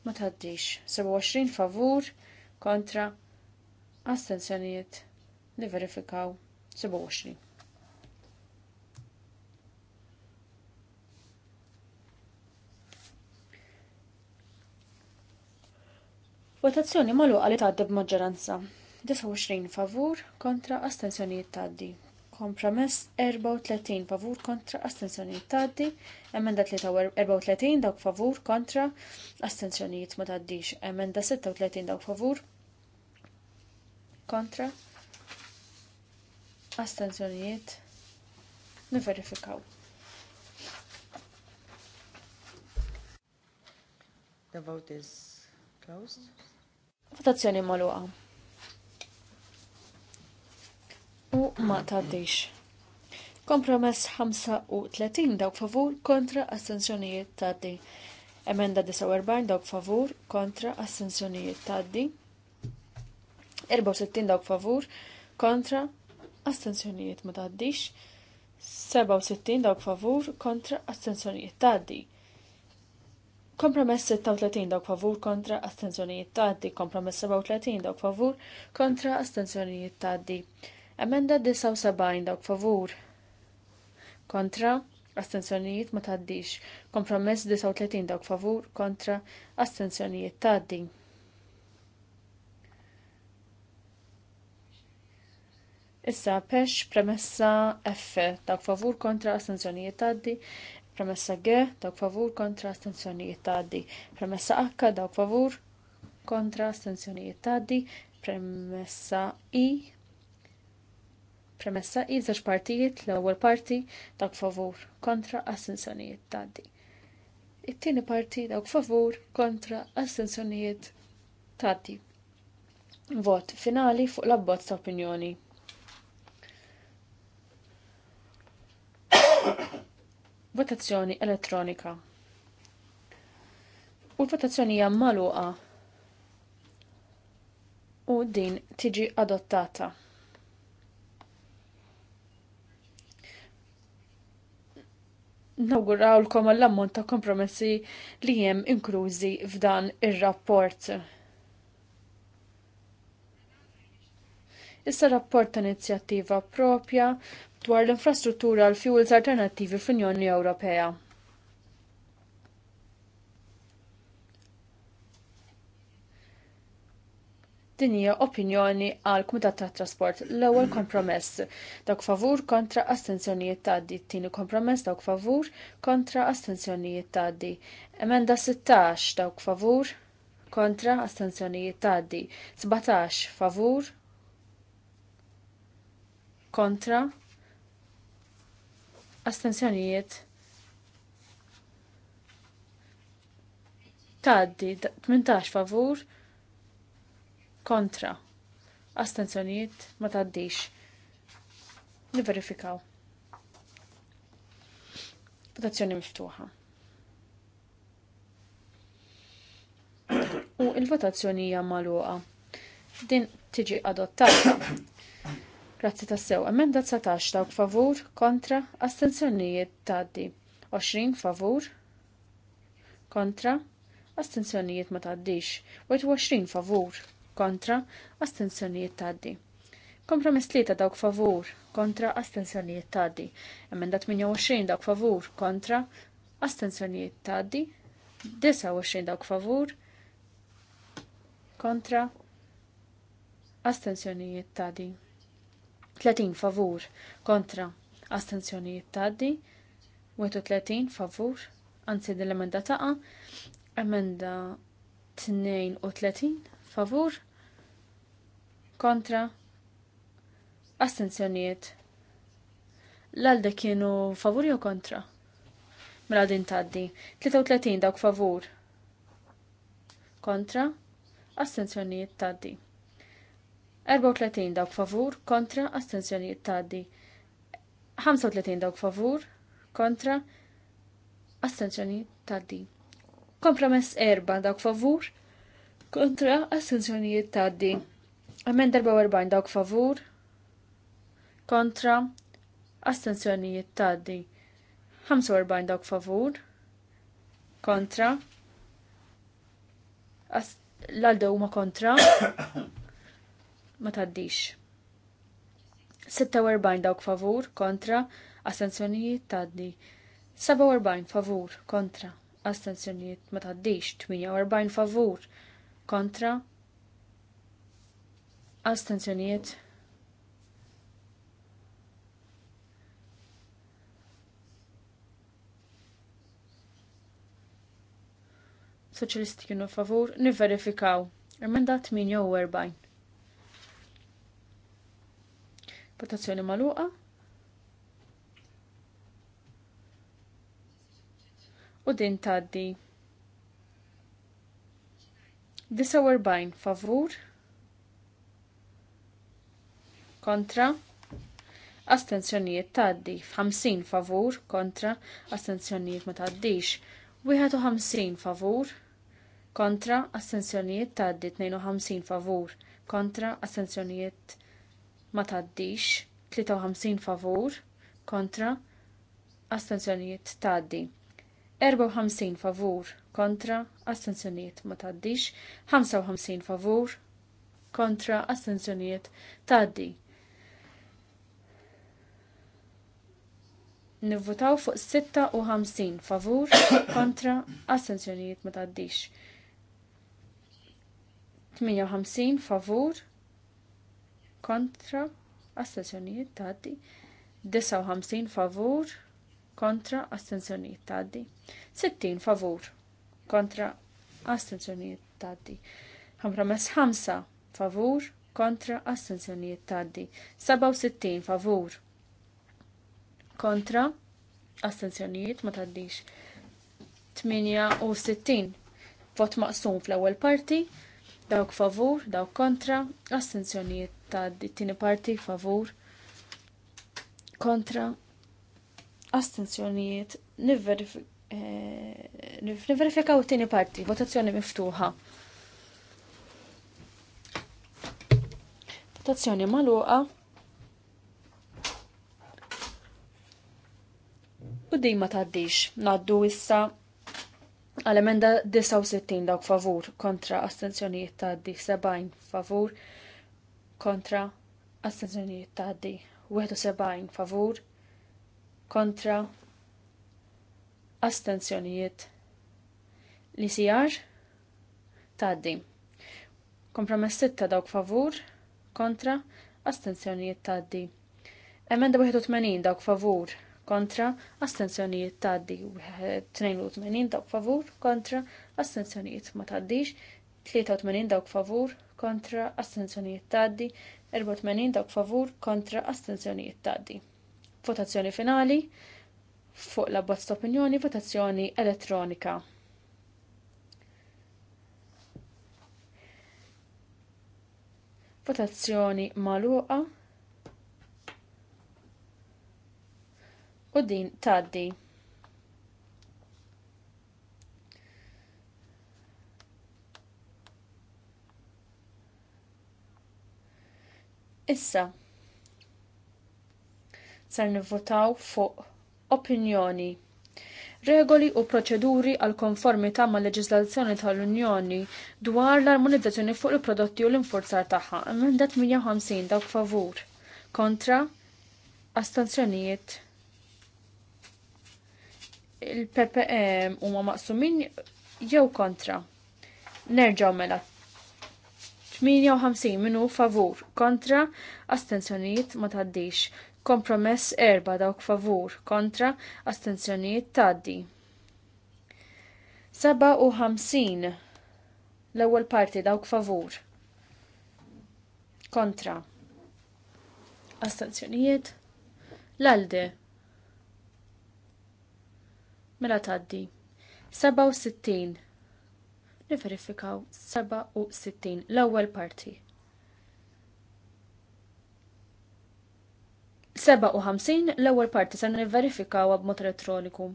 ma taddix. 27 favur kontra astenzjonijiet li verifikaw 27. Votazzjoni maluqa li tgħaddi b'maġġoranza. 29 favur kontra astenzjonijiet taddi. Kompromess 34 favur kontra astenzjonijiet taddi. Emenda 34 dawk favur kontra astenzjonijiet ma taddix. Emenda 36 dawk favur kontra Astenzjonijiet niverifikaw. The vote is closed. Votazzjoni maluqa. u ma taddix. Kompromess 35 dawk favur kontra assenzjonijiet taddi. Emenda 49 dawk favur kontra assenzjonijiet taddi. 64 dawk favur kontra astensjonijiet ma taddix. 67 dawk favur kontra astensjonijiet taddi. Kompromess 36 dawk favur kontra astensjonijiet taddi. Kompromess 37 dawk favur kontra astensjonijiet taddi. Emenda 79 dawk favur. Kontra, astenzjonijiet ma taddix. Kompromess 39 dawk favur. Kontra, astenzjonijiet taddi. Issa pex premessa F dawk favur kontra astenzjonijiet taddi. Premessa G dawk favur kontra astenzjonijiet taddi. Premessa H dawk favur kontra astenzjonijiet taddi. Premessa I Premessa i żewġ partijiet l-ewwel parti dawk favur kontra assenzjonijiet taddi. It-tieni parti dawk favur kontra assenzjonijiet tgħaddi. Vot finali fuq l-abbozz ta' opinjoni. [COUGHS] Votazzjoni elettronika. U l-votazzjoni hija magħluqa u din tiġi adottata. nawgurawlkom għall-ammont ta' kompromessi li jem inklużi f'dan ir-rapport. Issa rapport ta' inizjattiva propja dwar l-infrastruttura l-fuels alternattivi fl-Unjoni Ewropea. Din hija opinjoni għal Kumitat tat Trasport l-ewwel kompromess dawk favur kontra astenzjonijiet tgħaddi, tieni kompromess dawk favur kontra astenzjonijiet tgħaddi. Emenda 16 dawk favur kontra astenzjonijiet tgħaddi, 17 favur kontra astenzjonijiet tgħaddi, 18 favur kontra astenzjonijiet ma taddix. Niverifikaw. Votazzjoni miftuħa. U il-votazzjoni hija magħluqa. Din tiġi adottata. Grazzi sew. Emenda 19 dawk favur, kontra, astenzjonijiet taddi. 20 favur, kontra, astenzjonijiet ma taddix. 21 favur, kontra astensjonijiet taddi. Kompromess tlieta dawk favur kontra astensjonijiet taddi. Emenda 28 dawk favur kontra astensjonijiet taddi. 29 dawk favur kontra astensjonijiet taddi. 30 favur kontra astensjonijiet taddi. 31 favur anzi dil-emenda taqa emenda 32 favur kontra astenzjonijiet l-għalde kienu favur jew kontra mela din taddi 33 dawk favur kontra astenzjonijiet taddi 34 dawk favur kontra astenzjonijiet taddi 35 dawk favur kontra astenzjonijiet taddi kompromess erba' dawk favur kontra astenzjonijiet taddi Emenda 44 dawk favur kontra astenzjonijiet taddi. 45 dawk favur kontra l-għalda huma kontra [COUGHS] ma taddix. 46 dawk favur kontra astenzjonijiet taddi. 47 favur kontra astenzjonijiet ma taddix. 48 favur kontra tensjonijiet. Soċalisti kienu favur, nivverifikaw. Emenda 48. Votazzjoni maluqa. U din taddi. 49 favur, kontra astenzjonijiet tgħaddi. 50 favur kontra astenzjonijiet ma tgħaddix. Wieħed u ħamsin favur kontra astenzjonijiet tgħaddi 52 favur kontra astenzjonijiet ma tgħaddix 53 favur kontra astenzjonijiet tgħaddi. 54 favur kontra astenzjonijiet ma tgħaddix, 55 favur kontra astenzjonijiet tgħaddi. Nivvotaw fuq 56 [COUGHS] favur kontra astenzjonijiet ma taddix. 58 favur kontra astenzjonijiet taddi. 59 favur kontra astenzjonijiet taddi. 60 favur kontra astenzjonijiet taddi. Kompromess 5 favur kontra astenzjonijiet taddi. 67 favur kontra astenzjonijiet ma taddix 68 vot maqsum fl-ewwel parti dawk favur, dawk kontra, astenzjonijiet ta' tieni parti favur, kontra, astenzjonijiet, nivverifikaw eh, it-tieni parti, votazzjoni miftuħa. Votazzjoni maluqa, u din ma taddix. Naddu issa għal-emenda 69 dawk favur kontra astenzjonijiet taddi 70 favur kontra astenzjonijiet taddi 71 favur kontra astenzjonijiet li sijar taddi. Kompromess 6 dawk favur kontra astenzjonijiet taddi. Emenda 81 dawk favur kontra astenzjonijiet taddi 82 dawk favur kontra astenzjonijiet ma taddix 83 dawk favur kontra astenzjonijiet taddi 84 dawk favur kontra astenzjonijiet taddi. Votazzjoni finali fuq la bozz opinjoni votazzjoni elettronika. Votazzjoni maluqa u din taddi. Issa, sar nivvotaw fuq opinjoni. Regoli u proċeduri għal konformità ma' leġislazzjoni tal-Unjoni dwar l-armonizzazzjoni fuq il-prodotti u l-infurzar tagħha emendat 150 dawk favur kontra astenzjonijiet il-PPM huma maqsumin jew kontra. Nerġaw mela 58 minu favur kontra astenzjonijiet ma taddix. Kompromess erba dawk favur kontra astenzjonijiet taddi. 57 l-ewwel parti dawk favur kontra astenzjonijiet l-alde Mela taddi. 67. Niverifikaw 67 l-ewwel parti. 57 l-ewwel parti se nivverifikaw b'mod elettroniku.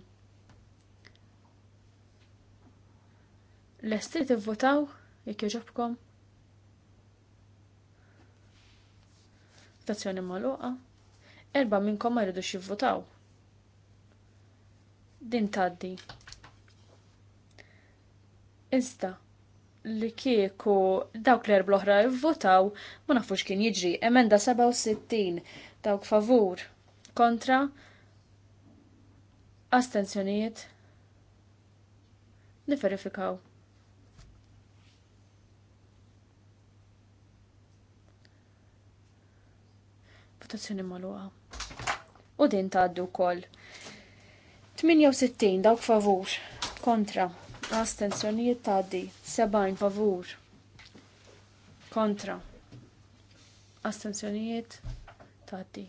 l Lesti tivvotaw jekk jogħġobkom? Votazzjoni magħluqa. Erba' minnkom ma jridux jivvotaw din taddi. Iżda li kieku dawk l-erb l-oħra votaw ma nafux kien jiġri emenda 67 dawk favur kontra astenzjonijiet niferifikaw. Votazzjoni maluqa. U din taddu kol. 68 dawk favur kontra astenzjonijiet di 70 favur kontra astenzjonijiet di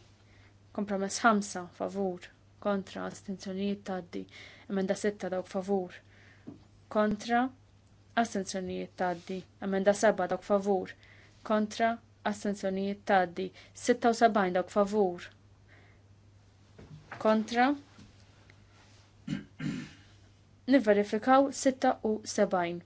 kompromess 5 favur kontra astenzjonijiet di emenda 6 dawk favur kontra astenzjonijiet di emenda 7 dawk favur kontra astenzjonijiet di 76 dawk favur kontra niverifikaw 76.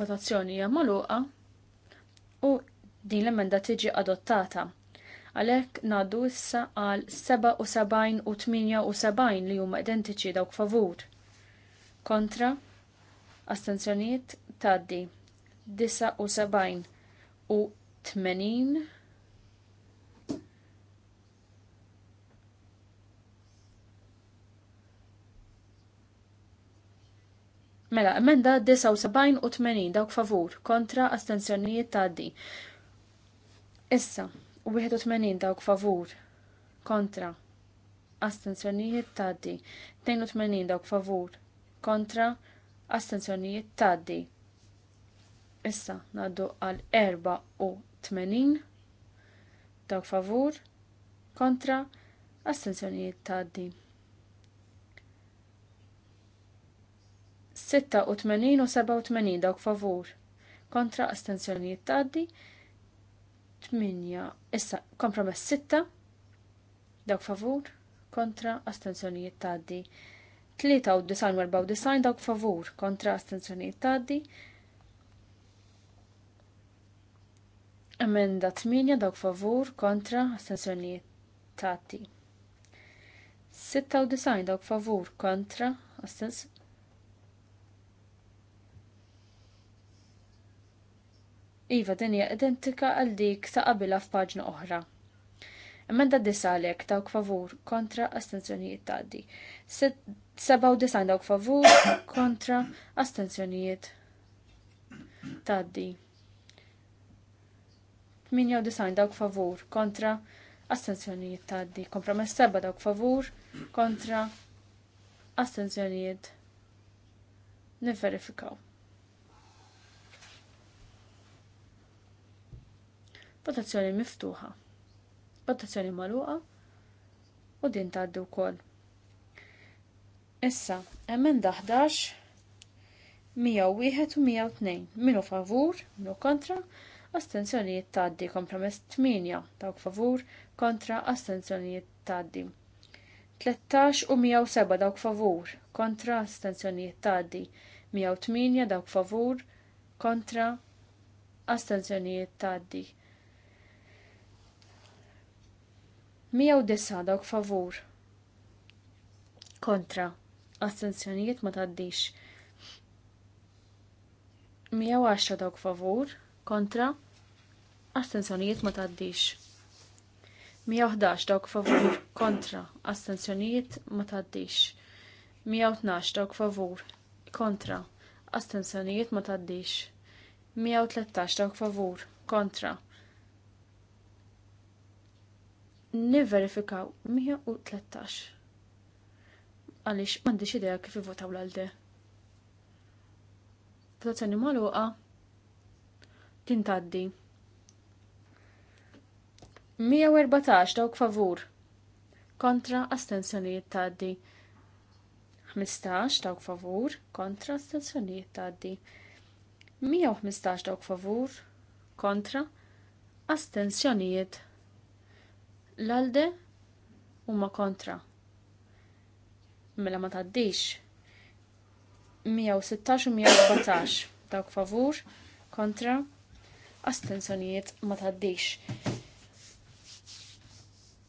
Votazzjoni hija magħluqa u din l-emenda tiġi adottata. Għalhekk ngħaddu issa għal 77 u 78 li huma identiċi dawk favur. Kontra astenzjonijiet tgħaddi 79 u 80 Mela, emenda 79 u 80 dawk favur kontra astenzjonijiet di. Issa, u 81 dawk favur kontra astenzjonijiet di. 82 dawk favur kontra astenzjonijiet di. Issa, naddu għal 4 u 80 dawk favur kontra astenzjonijiet di. 86 u 87 dawk favur kontra astenzjonijiet tgħaddi 8 issa kompromess 6 dawk favur kontra astenzjonijiet tgħaddi 93 dawk favur kontra astenzjonijiet tgħaddi Emenda 8 dawk favur kontra astenzjonijiet tgħaddi 96 dawk favur kontra astenzjonijiet Iva din hija identika għal dik ta' qabilha f'paġna oħra. Emenda disalek dawk favur kontra astenzjonijiet tgħaddi. 97 dawk favur [COUGHS] kontra astenzjonijiet tgħaddi. 98 dawk favur kontra astenzjonijiet tgħaddi. Kompromess seba dawk favur kontra astenzjonijiet. Niverifikaw. Votazzjoni miftuħa. Votazzjoni magħluqa u din tgħaddi wkoll. Issa, emenda 11, 101 u 102. Minu favur, minu kontra, astenzjonijiet tgħaddi. Kompromess 8 dawk favur, kontra, astenzjonijiet tgħaddi. 13 u 107 dawk favur, kontra, astenzjonijiet tgħaddi. 108 dawk favur, kontra, astenzjonijiet tgħaddi. 109 dawk favur. Kontra. Astenzjonijiet ma taddix. 110 dawk favur. Kontra. Astenzjonijiet ma taddix. 111 dawk favur. Kontra. Astenzjonijiet ma taddix. 112 dawk favur. Kontra. Astenzjonijiet ma taddix. 113 dawk favur. Kontra nivverifikaw 113. Għaliex m'għandix xidea kif votaw l-għalde. Votazzjoni magħluqa tintaddi. 114 dawk favur. Kontra astensjonijiet tgħaddi. 15 dawk favur kontra astensjonijiet tgħaddi. 115 dawk favur kontra astensjonijiet L-alde huma kontra. Mela ma taddix. 116 u 114 dawk favur kontra astensjonijiet ma taddix.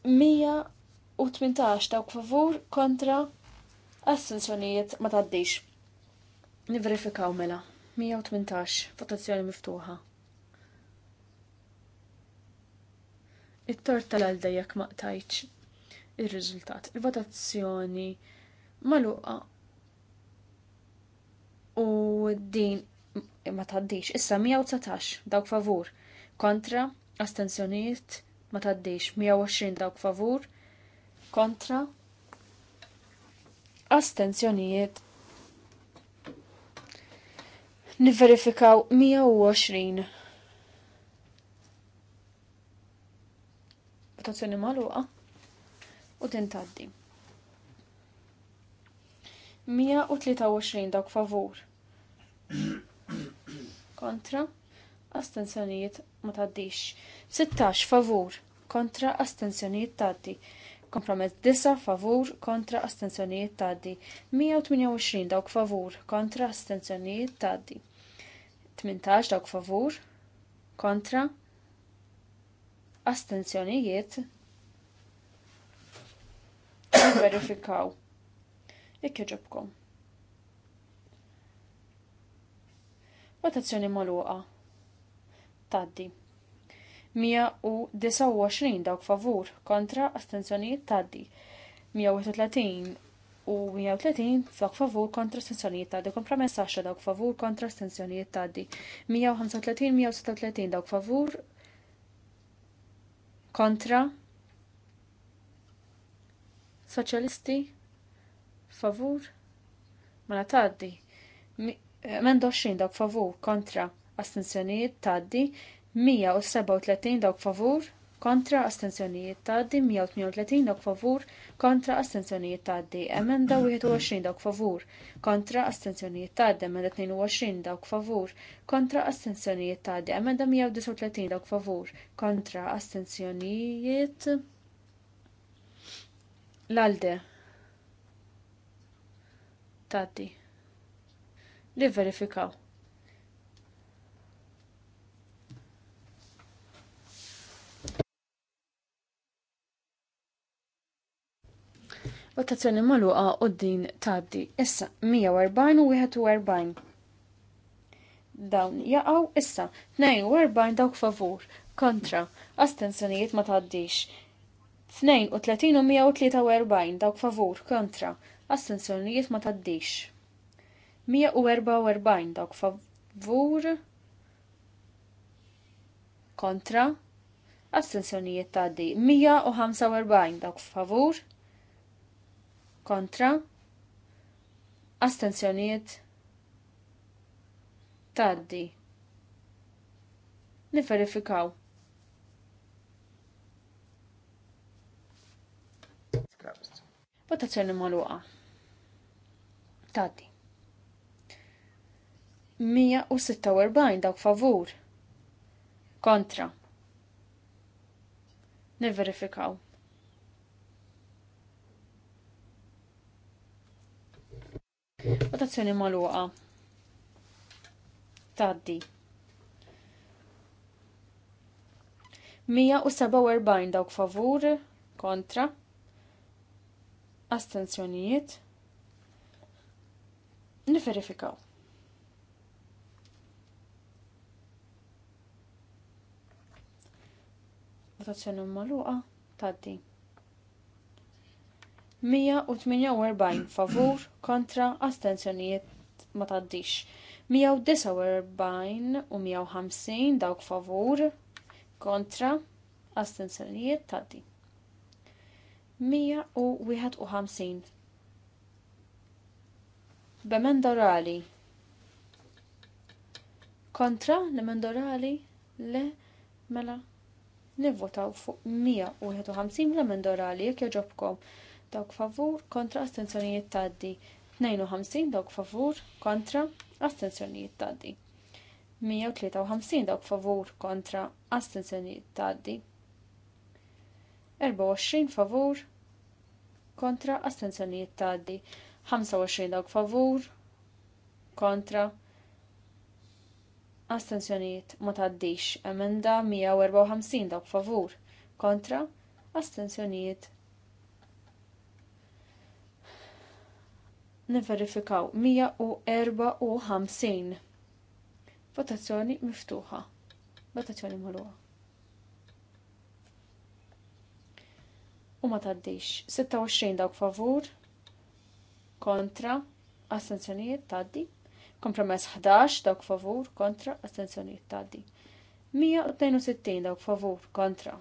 118 dawk favur kontra astensjonijiet ma taddix. Niverifikaw mela. 118 votazzjoni miftuħa. it-tort tal-għalda jekk ma qtajċ ir-riżultat. Il votazzjoni maluqa u din ma taddix. Issa 119 dawk favur kontra astensjonijiet ma taddix 120 dawk favur kontra astenzjonijiet niverifikaw 120 votazzjoni magħluqa u din tgħaddi. 123 dawk favur. Kontra astensjonijiet ma tgħaddix. 16 favur kontra astensjonijiet tgħaddi. Kompromess 9 favur kontra astensjonijiet tgħaddi. 128 dawk favur kontra astensjonijiet tgħaddi. 18 dawk favur kontra astenzjonijiet [COUGHS] verifikaw jekk jġobkom. Votazzjoni maluqa. Taddi. 129 dawk favur kontra astenzjonijiet taddi. 131 u 130 dawk favur kontra astenzjonijiet taddi. Kompromess 10 dawk favur kontra astenzjonijiet taddi. 135-136 dawk favur kontra soċjalisti favur ma mela tgħaddi Mendo eh, xin dawk favur kontra astensjonijiet tgħaddi 137 dawk favur kontra astenzjonijiet tgħaddi 138 dawk favur kontra astenzjonijiet tgħaddi emenda 21 dawk favur kontra astenzjonijiet tgħaddi emenda 22 dawk favur kontra astenzjonijiet tgħaddi emenda 139 dawk favur kontra astenzjonijiet l-alde tgħaddi li verifikaw. Votazzjoni maluqa u din taddi. Issa 140 u 41. Dawn jaqaw issa 42 dawk favur kontra astensjonijiet ma taddix. 32 u 143 dawk favur kontra astensjonijiet ma taddix. 144 dawk favur kontra astensjonijiet taddi. 145 dawk favur kontra, astenzjonijiet, taddi. niferifikaw Votazzjoni maluqa. Taddi. 146 dawk favur. Kontra. Niverifikaw. Votazzjoni maluqa. Taddi. 147 dawk favur kontra. Astenzjonijiet. Niferifikaw. Votazzjoni maluqa. Taddi. 148 favur kontra astenzjonijiet ma taddix. 149 u 150 dawk favur kontra astenzjonijiet taddi. 151 Bemendorali. orali. Kontra l-emenda orali le mela nivvotaw fuq 151 l-emenda orali jekk joġobkom dawk favur kontra astenzjonijiet taddi. 52 dawk favur kontra astenzjonijiet taddi. 153 dawk favur kontra astenzjonijiet taddi. 24 favur kontra astenzjonijiet taddi. 25 dawk favur kontra astenzjonijiet ma taddix emenda 154 dawk favur kontra astenzjonijiet niverifikaw 154. Votazzjoni miftuħa. Votazzjoni mħaluħa. U ma taddix. 26 dawk favur kontra astenzjonijiet taddi. Kompromess 11 dawk favur kontra astenzjonijiet taddi. 162 dawk favur kontra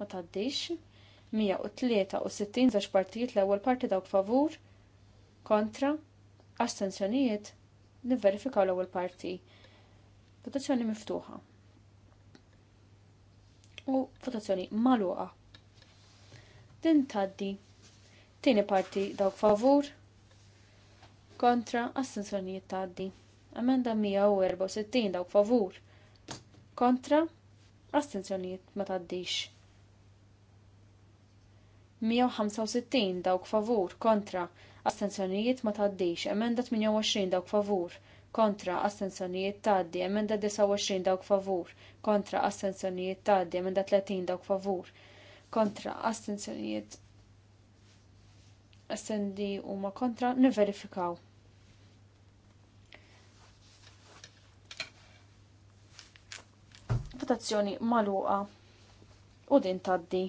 ma taddix. 163 żewġ partijiet l-ewwel parti dawk favur kontra astenzjonijiet, nivverifikaw l-ewwel parti. Votazzjoni miftuħa. U votazzjoni magħluqa. Din tgħaddi. Tieni parti dawk favur kontra astenzjonijiet tgħaddi. Amenda 164 dawk favur kontra astenzjonijiet ma tgħaddix. 165 dawk favur kontra astensjonijiet ma taddix, emenda 28 dawk favur kontra astensjonijiet taddi, emenda 29 dawk favur kontra astensjonijiet taddi, emenda 30 dawk favur kontra astensjonijiet astendi u ma kontra niverifikaw. Votazzjoni maluqa u din taddi.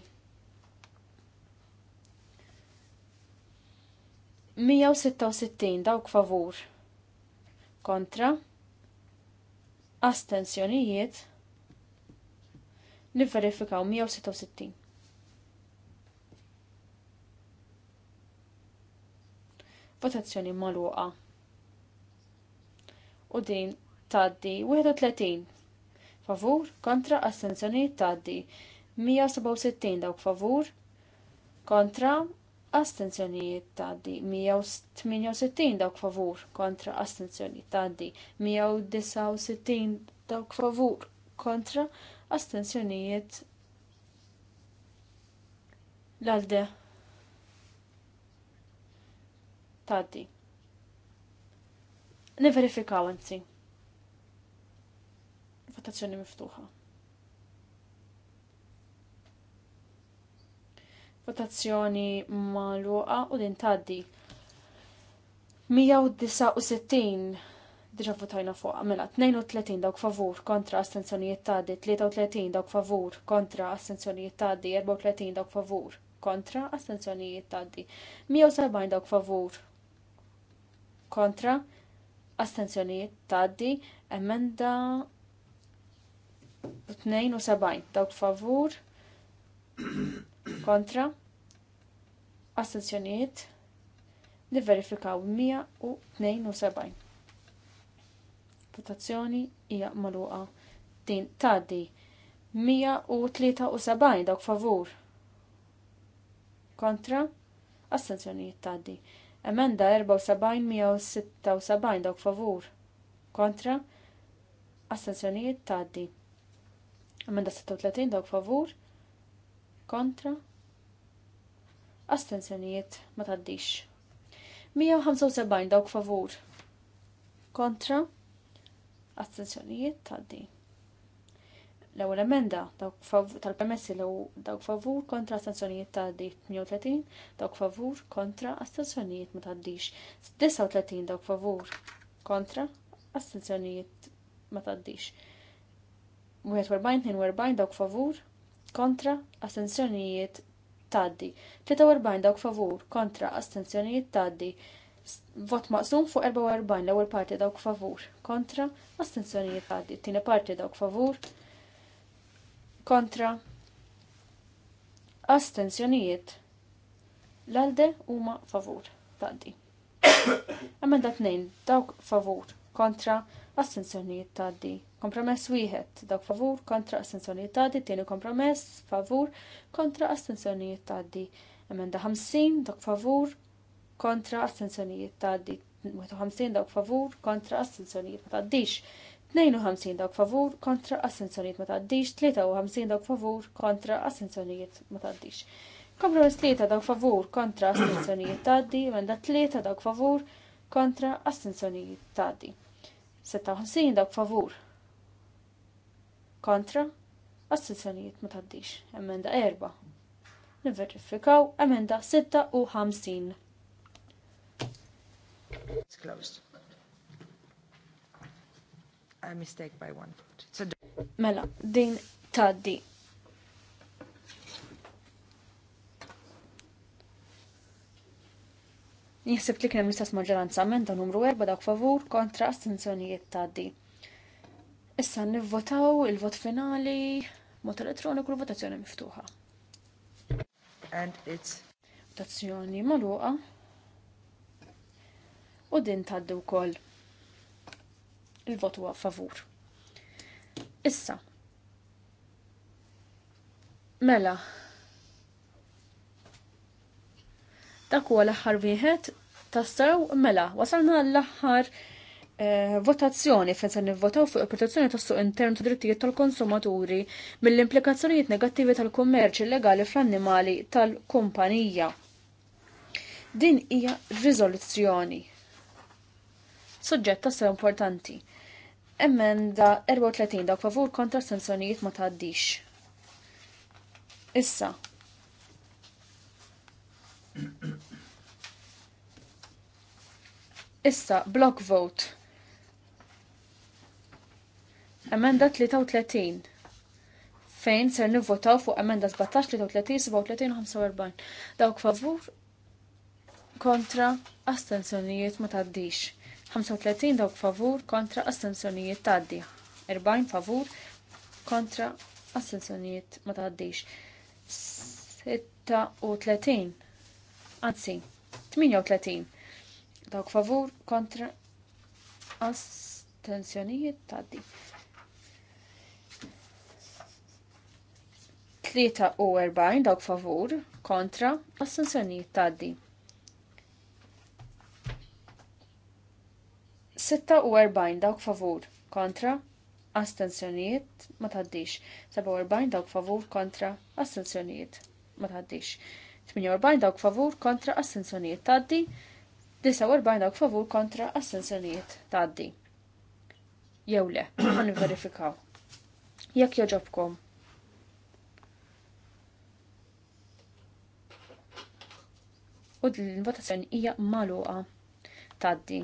166 dawk favur. Kontra. Astensjonijiet. nifferifikaw 166. Votazzjoni maluqa. U din taddi 31. Favur kontra astensjonijiet taddi. 167 dawk favur kontra astenzjonijiet tgħaddi 168 dawk favur kontra astenzjonijiet tgħaddi 169 dawk favur kontra astenzjonijiet l-għalde tgħaddi. Niverifikaw anzi. Votazzjoni miftuħa. votazzjoni maluqa u din taddi. 169 diġa votajna fuq mela 32 dawk favur kontra astenzjonijiet taddi, 33 dawk favur kontra astenzjonijiet taddi, 34 dawk favur kontra astenzjonijiet taddi, 170 dawk favur kontra astenzjonijiet taddi, emenda 72 dawk favur kontra astenzjonijiet li verifikaw 172. Votazzjoni hija maluqa din tgħaddi 173 dawk favur kontra assenzjonijiet tgħaddi. Emenda 74-176 dawk favur. Kontra. assenzjonijiet taddi. Emenda 36 dawk favur kontra, astensjonijiet ma taddix. 175 dawk favur kontra, Astenzjonijiet taddi. L-ewwel emenda dawk tal-permessi l dawk favur kontra astensjonijiet taddi 38, dawk favur kontra astenzjonijiet ma taddix. 39 dawk favur kontra astenzjonijiet ma taddix. 41-42 dawk favur kontra astenzjonijiet taddi. 43 dawk favur kontra astenzjonijiet taddi. Vot maqsum fuq 44 l-ewwel parti dawk favur kontra astenzjonijiet taddi. Tieni parti dawk favur kontra astenzjonijiet l-alde huma favur taddi. [COUGHS] Emenda 2 dawk favur kontra astenzjonijiet taddi. Kompromess wieħed dak favur kontra assenzjonijiet tgħaddi, tieni kompromess favur kontra assenzjonijiet tgħaddi. Emenda 50 dak favur kontra assenzjonijiet tgħaddi. 51 dak favur kontra assenzjonijiet ma taddix. 52 dak favur kontra assenzjonijiet ma taddix. 53 dak favur kontra assenzjonijiet ma taddix. Kompromess 3 dak favur kontra assenzjonijiet tgħaddi, emenda 3 dak favur kontra assenzjonijiet tgħaddi. 56 dak favur kontra, assenzjonijiet ma taddix, emenda erba. Niverifikaw emenda 56. It's closed. A mistake by one vote. a... Mela, din taddi. Jisib li kienem l-istess maġġoranza minn numru erba' dak favur kontra assenzjonijiet taddi. Issa nivvotaw il-vot finali, mod elettroniku, votazzjoni miftuħa. And it's votazzjoni magħluqa. U din tgħaddi wkoll il-vot huwa favur. Issa. Mela. Dak huwa l-aħħar wieħed tassew mela wasalna l-aħħar Eh, votazzjoni fejn se nivvotaw fuq il-protezzjoni tas-suq intern ta' drittijiet tal-konsumaturi mill-implikazzjonijiet negattivi tal-kummerċ illegali fl-annimali tal-kumpanija. Din hija riżoluzzjoni. Suġġett tassew importanti. Emenda 34 dawk favur kontra sanzjonijiet ma tgħaddix. Issa, Issa, block vote. Emenda 33 fejn ser nivvotaw fuq emenda 17, 33, 37, 45. Dawk favur kontra astensjonijiet ma taddix. 35 dawk favur kontra astensjonijiet taddi. 40 favur kontra astensjonijiet ma taddix. 36 anzi 38 dawk favur kontra astensjonijiet taddi. 43 dawk favur kontra assenzjonijiet taddi. 46 dawk favur kontra astensjonijiet ma taddix. 47 dawk favur kontra astensjonijiet ma taddix. 48 dawk favur kontra astensjonijiet taddi. 49 dawk favur kontra astensjonijiet taddi. Jewle, għan [CLEARS THROAT] ma nivverifikaw. Jekk joġobkom. u l-votazzjoni hija maluqa tgħaddi.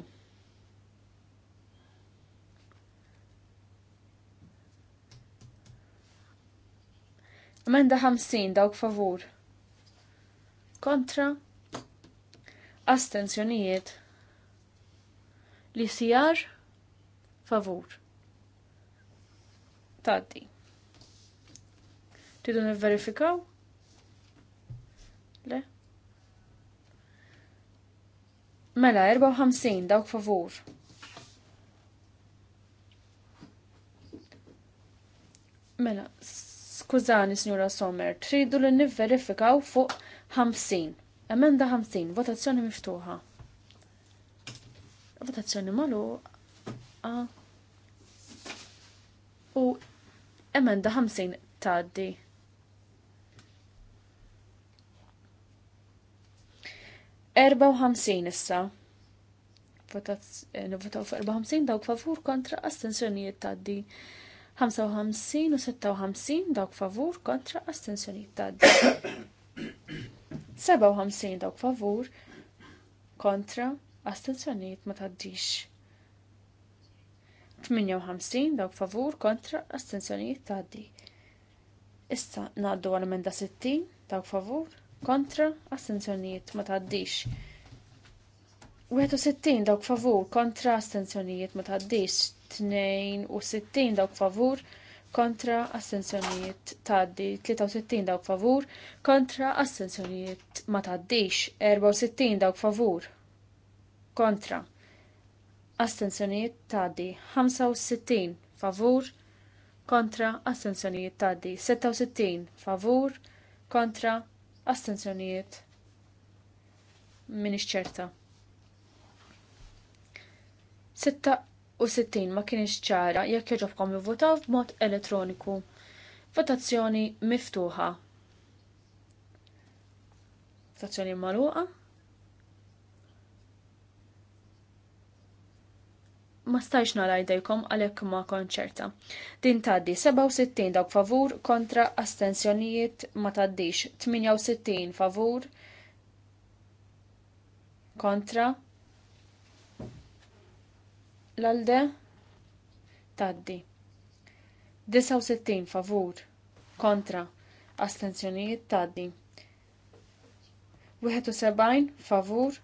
Amenda 50 dawk favur. Kontra. Astenzjonijiet. Li sijar. Favur. Taddi. Tidu nivverifikaw? Le? Mela, 54, dawk favur. Mela, skużani, signora Sommer, tridu li nivverifikaw fuq 50. Emenda 50, votazzjoni miftuħa. Votazzjoni malu. A. U emenda 50 taddi. 54 issa. Eh, Votaw fuq 54 dawk favur kontra astensjonijiet di. 55 u 56 dawk favur kontra astensjonijiet di. 57 [COUGHS] dawk favur kontra astensjonijiet ma taddix. 58 dawk favur kontra astensjonijiet di. Issa naddu għal emenda 60 dawk favur kontra astenzjonijiet ma taddix. 61 dawk favur kontra astenzjonijiet ma taddix. 62 dawk favur kontra astenzjonijiet taddi. 63 dawk favur kontra astenzjonijiet ma taddix. 64 dawk favur kontra astenzjonijiet taddi. 65 favur kontra astenzjonijiet taddi. 66 favur kontra Astenzjonijiet. Minix ċerta. 66 ma kienx ċara jekk joġobkom jivvotaw b'mod elettroniku. Votazzjoni miftuħa. Votazzjoni maluqa. ma stajx nara jdejkom għalhekk ma konċerta. Din taddi 67 dawk favur kontra astensjonijiet ma taddix 68 favur kontra l-alde taddi 69 favur kontra astensjonijiet taddi 71 favur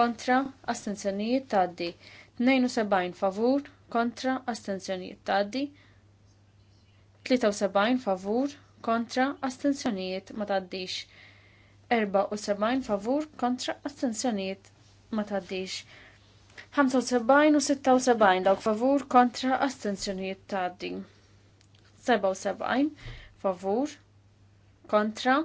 kontra astensjonijiet taddi 72 favur kontra astenzjonijiet taddi. 73 favur kontra astenzjonijiet ma taddix. 74 favur kontra astenzjonijiet ma taddix. 75 u 76 dawk favur kontra astenzjonijiet taddi. 77 favur kontra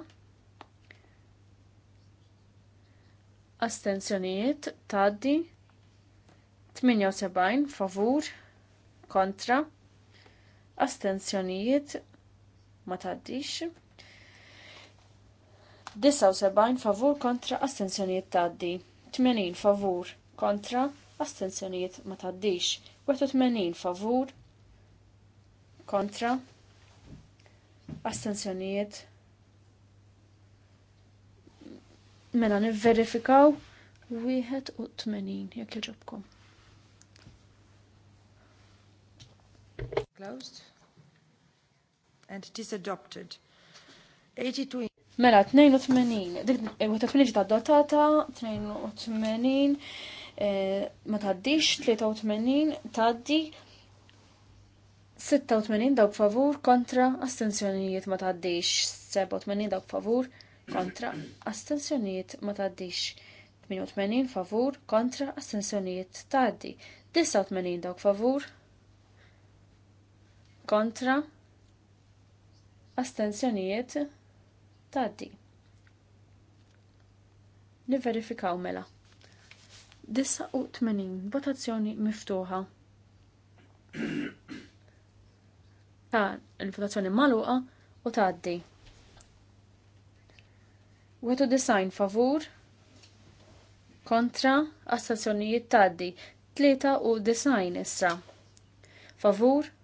astenzjonijiet taddi 78 favur kontra astenzjonijiet ma taddix 79 favur kontra astenzjonijiet taddi 80 favur kontra astenzjonijiet ma taddix 81 favur kontra astenzjonijiet mela nivverifikaw 81 jekk jġobkom. Closed. And it is adopted. 82. Mela, 82. Dik eh, il ta' dotata, 82. Eh, ma taddix, 83. Taddi. 86 dawk favur kontra astensjonijiet ma taddix. 87 dawk favur kontra astensjonijiet ma taddix. 88 favur kontra astensjonijiet taddi. 89 dawk favur kontra astensjonijiet taddi. Niverifikaw mela. 89 votazzjoni miftuħa. [CLEARS THROAT] Ta' il-votazzjoni maluqa u taddi. Wetu design favur kontra astazzjonijiet taddi. Tleta u design issa. Favur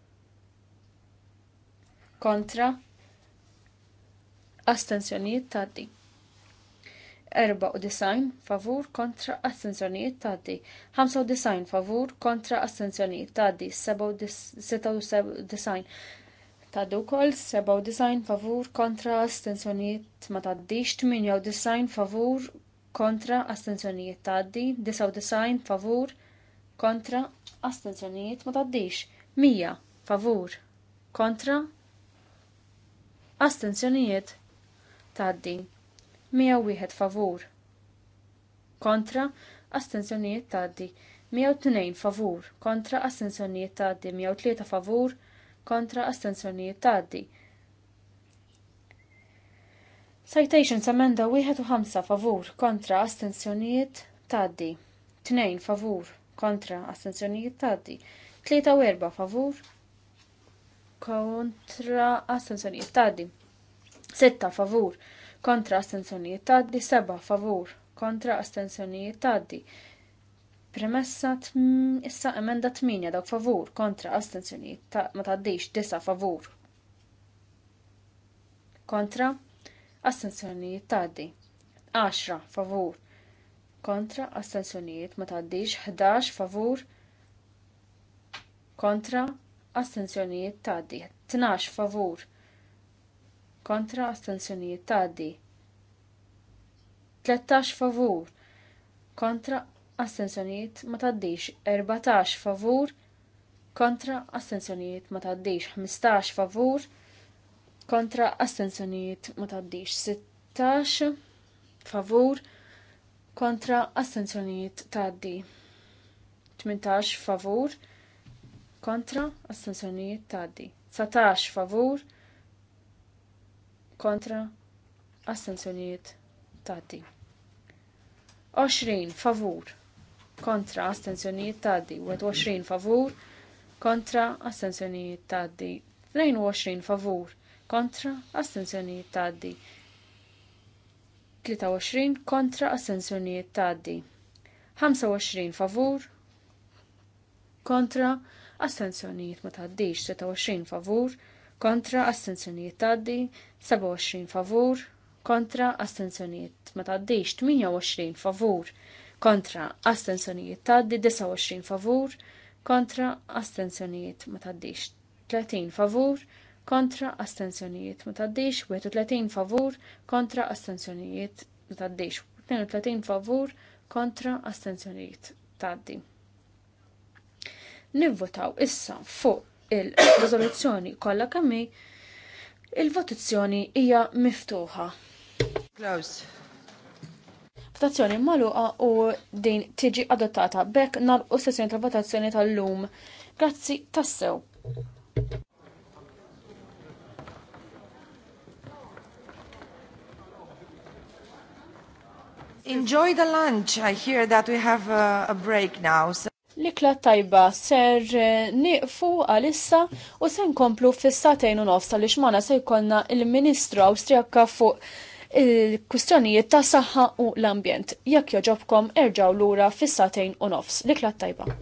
kontra astensjonijiet taddi. 94 favur kontra astensjonijiet taddi. 95 favur kontra astensjonijiet taddi. 76 taddu kol 79 favur kontra astensjonijiet ma taddix 98 favur kontra astensjonijiet taddi. 99 favur kontra astensjonijiet ma taddix. 100 favur kontra Astenzjonijiet taddi. 101 favur. Kontra astenzjonijiet taddi. 102 favur. Kontra astenzjonijiet taddi. 103 favur. Kontra astenzjonijiet taddi. Citation samenda ħamsa favur. Kontra astenzjonijiet taddi. 2 favur. Kontra astenzjonijiet taddi. 3 u 4 favur kontra astensjonijiet tgħaddi. Sitta favur kontra astensjonijiet taddi, seba' favur kontra astensjonijiet tgħaddi. Premessa issa emenda 8 dawk favur kontra astensjonijiet ma tgħaddix disa' favur kontra astensjonijiet tgħaddi. 10 favur kontra astensjonijiet ma tgħaddix 11 favur kontra astenzjonijiet tgħaddi. 12 favur kontra astenzjonijiet tgħaddi. 13 favur kontra astenzjonijiet ma tgħaddix. 14 favur kontra astenzjonijiet ma tgħaddix. 15 favur kontra astenzjonijiet ma tgħaddix. 16 favur kontra astenzjonijiet tgħaddi, 18 favur kontra kontra astensjonijiet tgħaddi. 19 favur kontra astensjonijiet tgħaddi. 20 favur kontra astensjonijiet taddi. 21 favur kontra astensjonijiet taddi. 22 favur kontra astensjonijiet tgħaddi. 23 kontra astensjonijiet taddi. 25 favur kontra astenzjonijiet ma taħdix 26 favur kontra astenzjonijiet taddi 27 favur kontra astenzjonijiet ma taħdix 28 favur kontra astenzjonijiet taddi 29 favur kontra astenzjonijiet ma taħdix 30 favur kontra astenzjonijiet ma taħdix 31 favur kontra astenzjonijiet ma taħdix 32 favur kontra astenzjonijiet taddi nivvotaw issa fuq il-riżoluzzjoni kollha kemm il-votazzjoni hija miftuħa. Votazzjoni maluqa u din tiġi adottata bekk nar u sessjoni tal-votazzjoni tal-lum. Grazzi tassew. Enjoy the lunch. I hear that we have a, a break now. So L-ikla tajba ser eh, niqfu għalissa u sen komplu fissatejn u ofsa li xmana se jkollna il-Ministru Austriaka fuq il-kustjonijiet ta' saħħa u l-ambjent. Jekk joġobkom erġaw lura fissatejn u nofs. L-ikla tajba.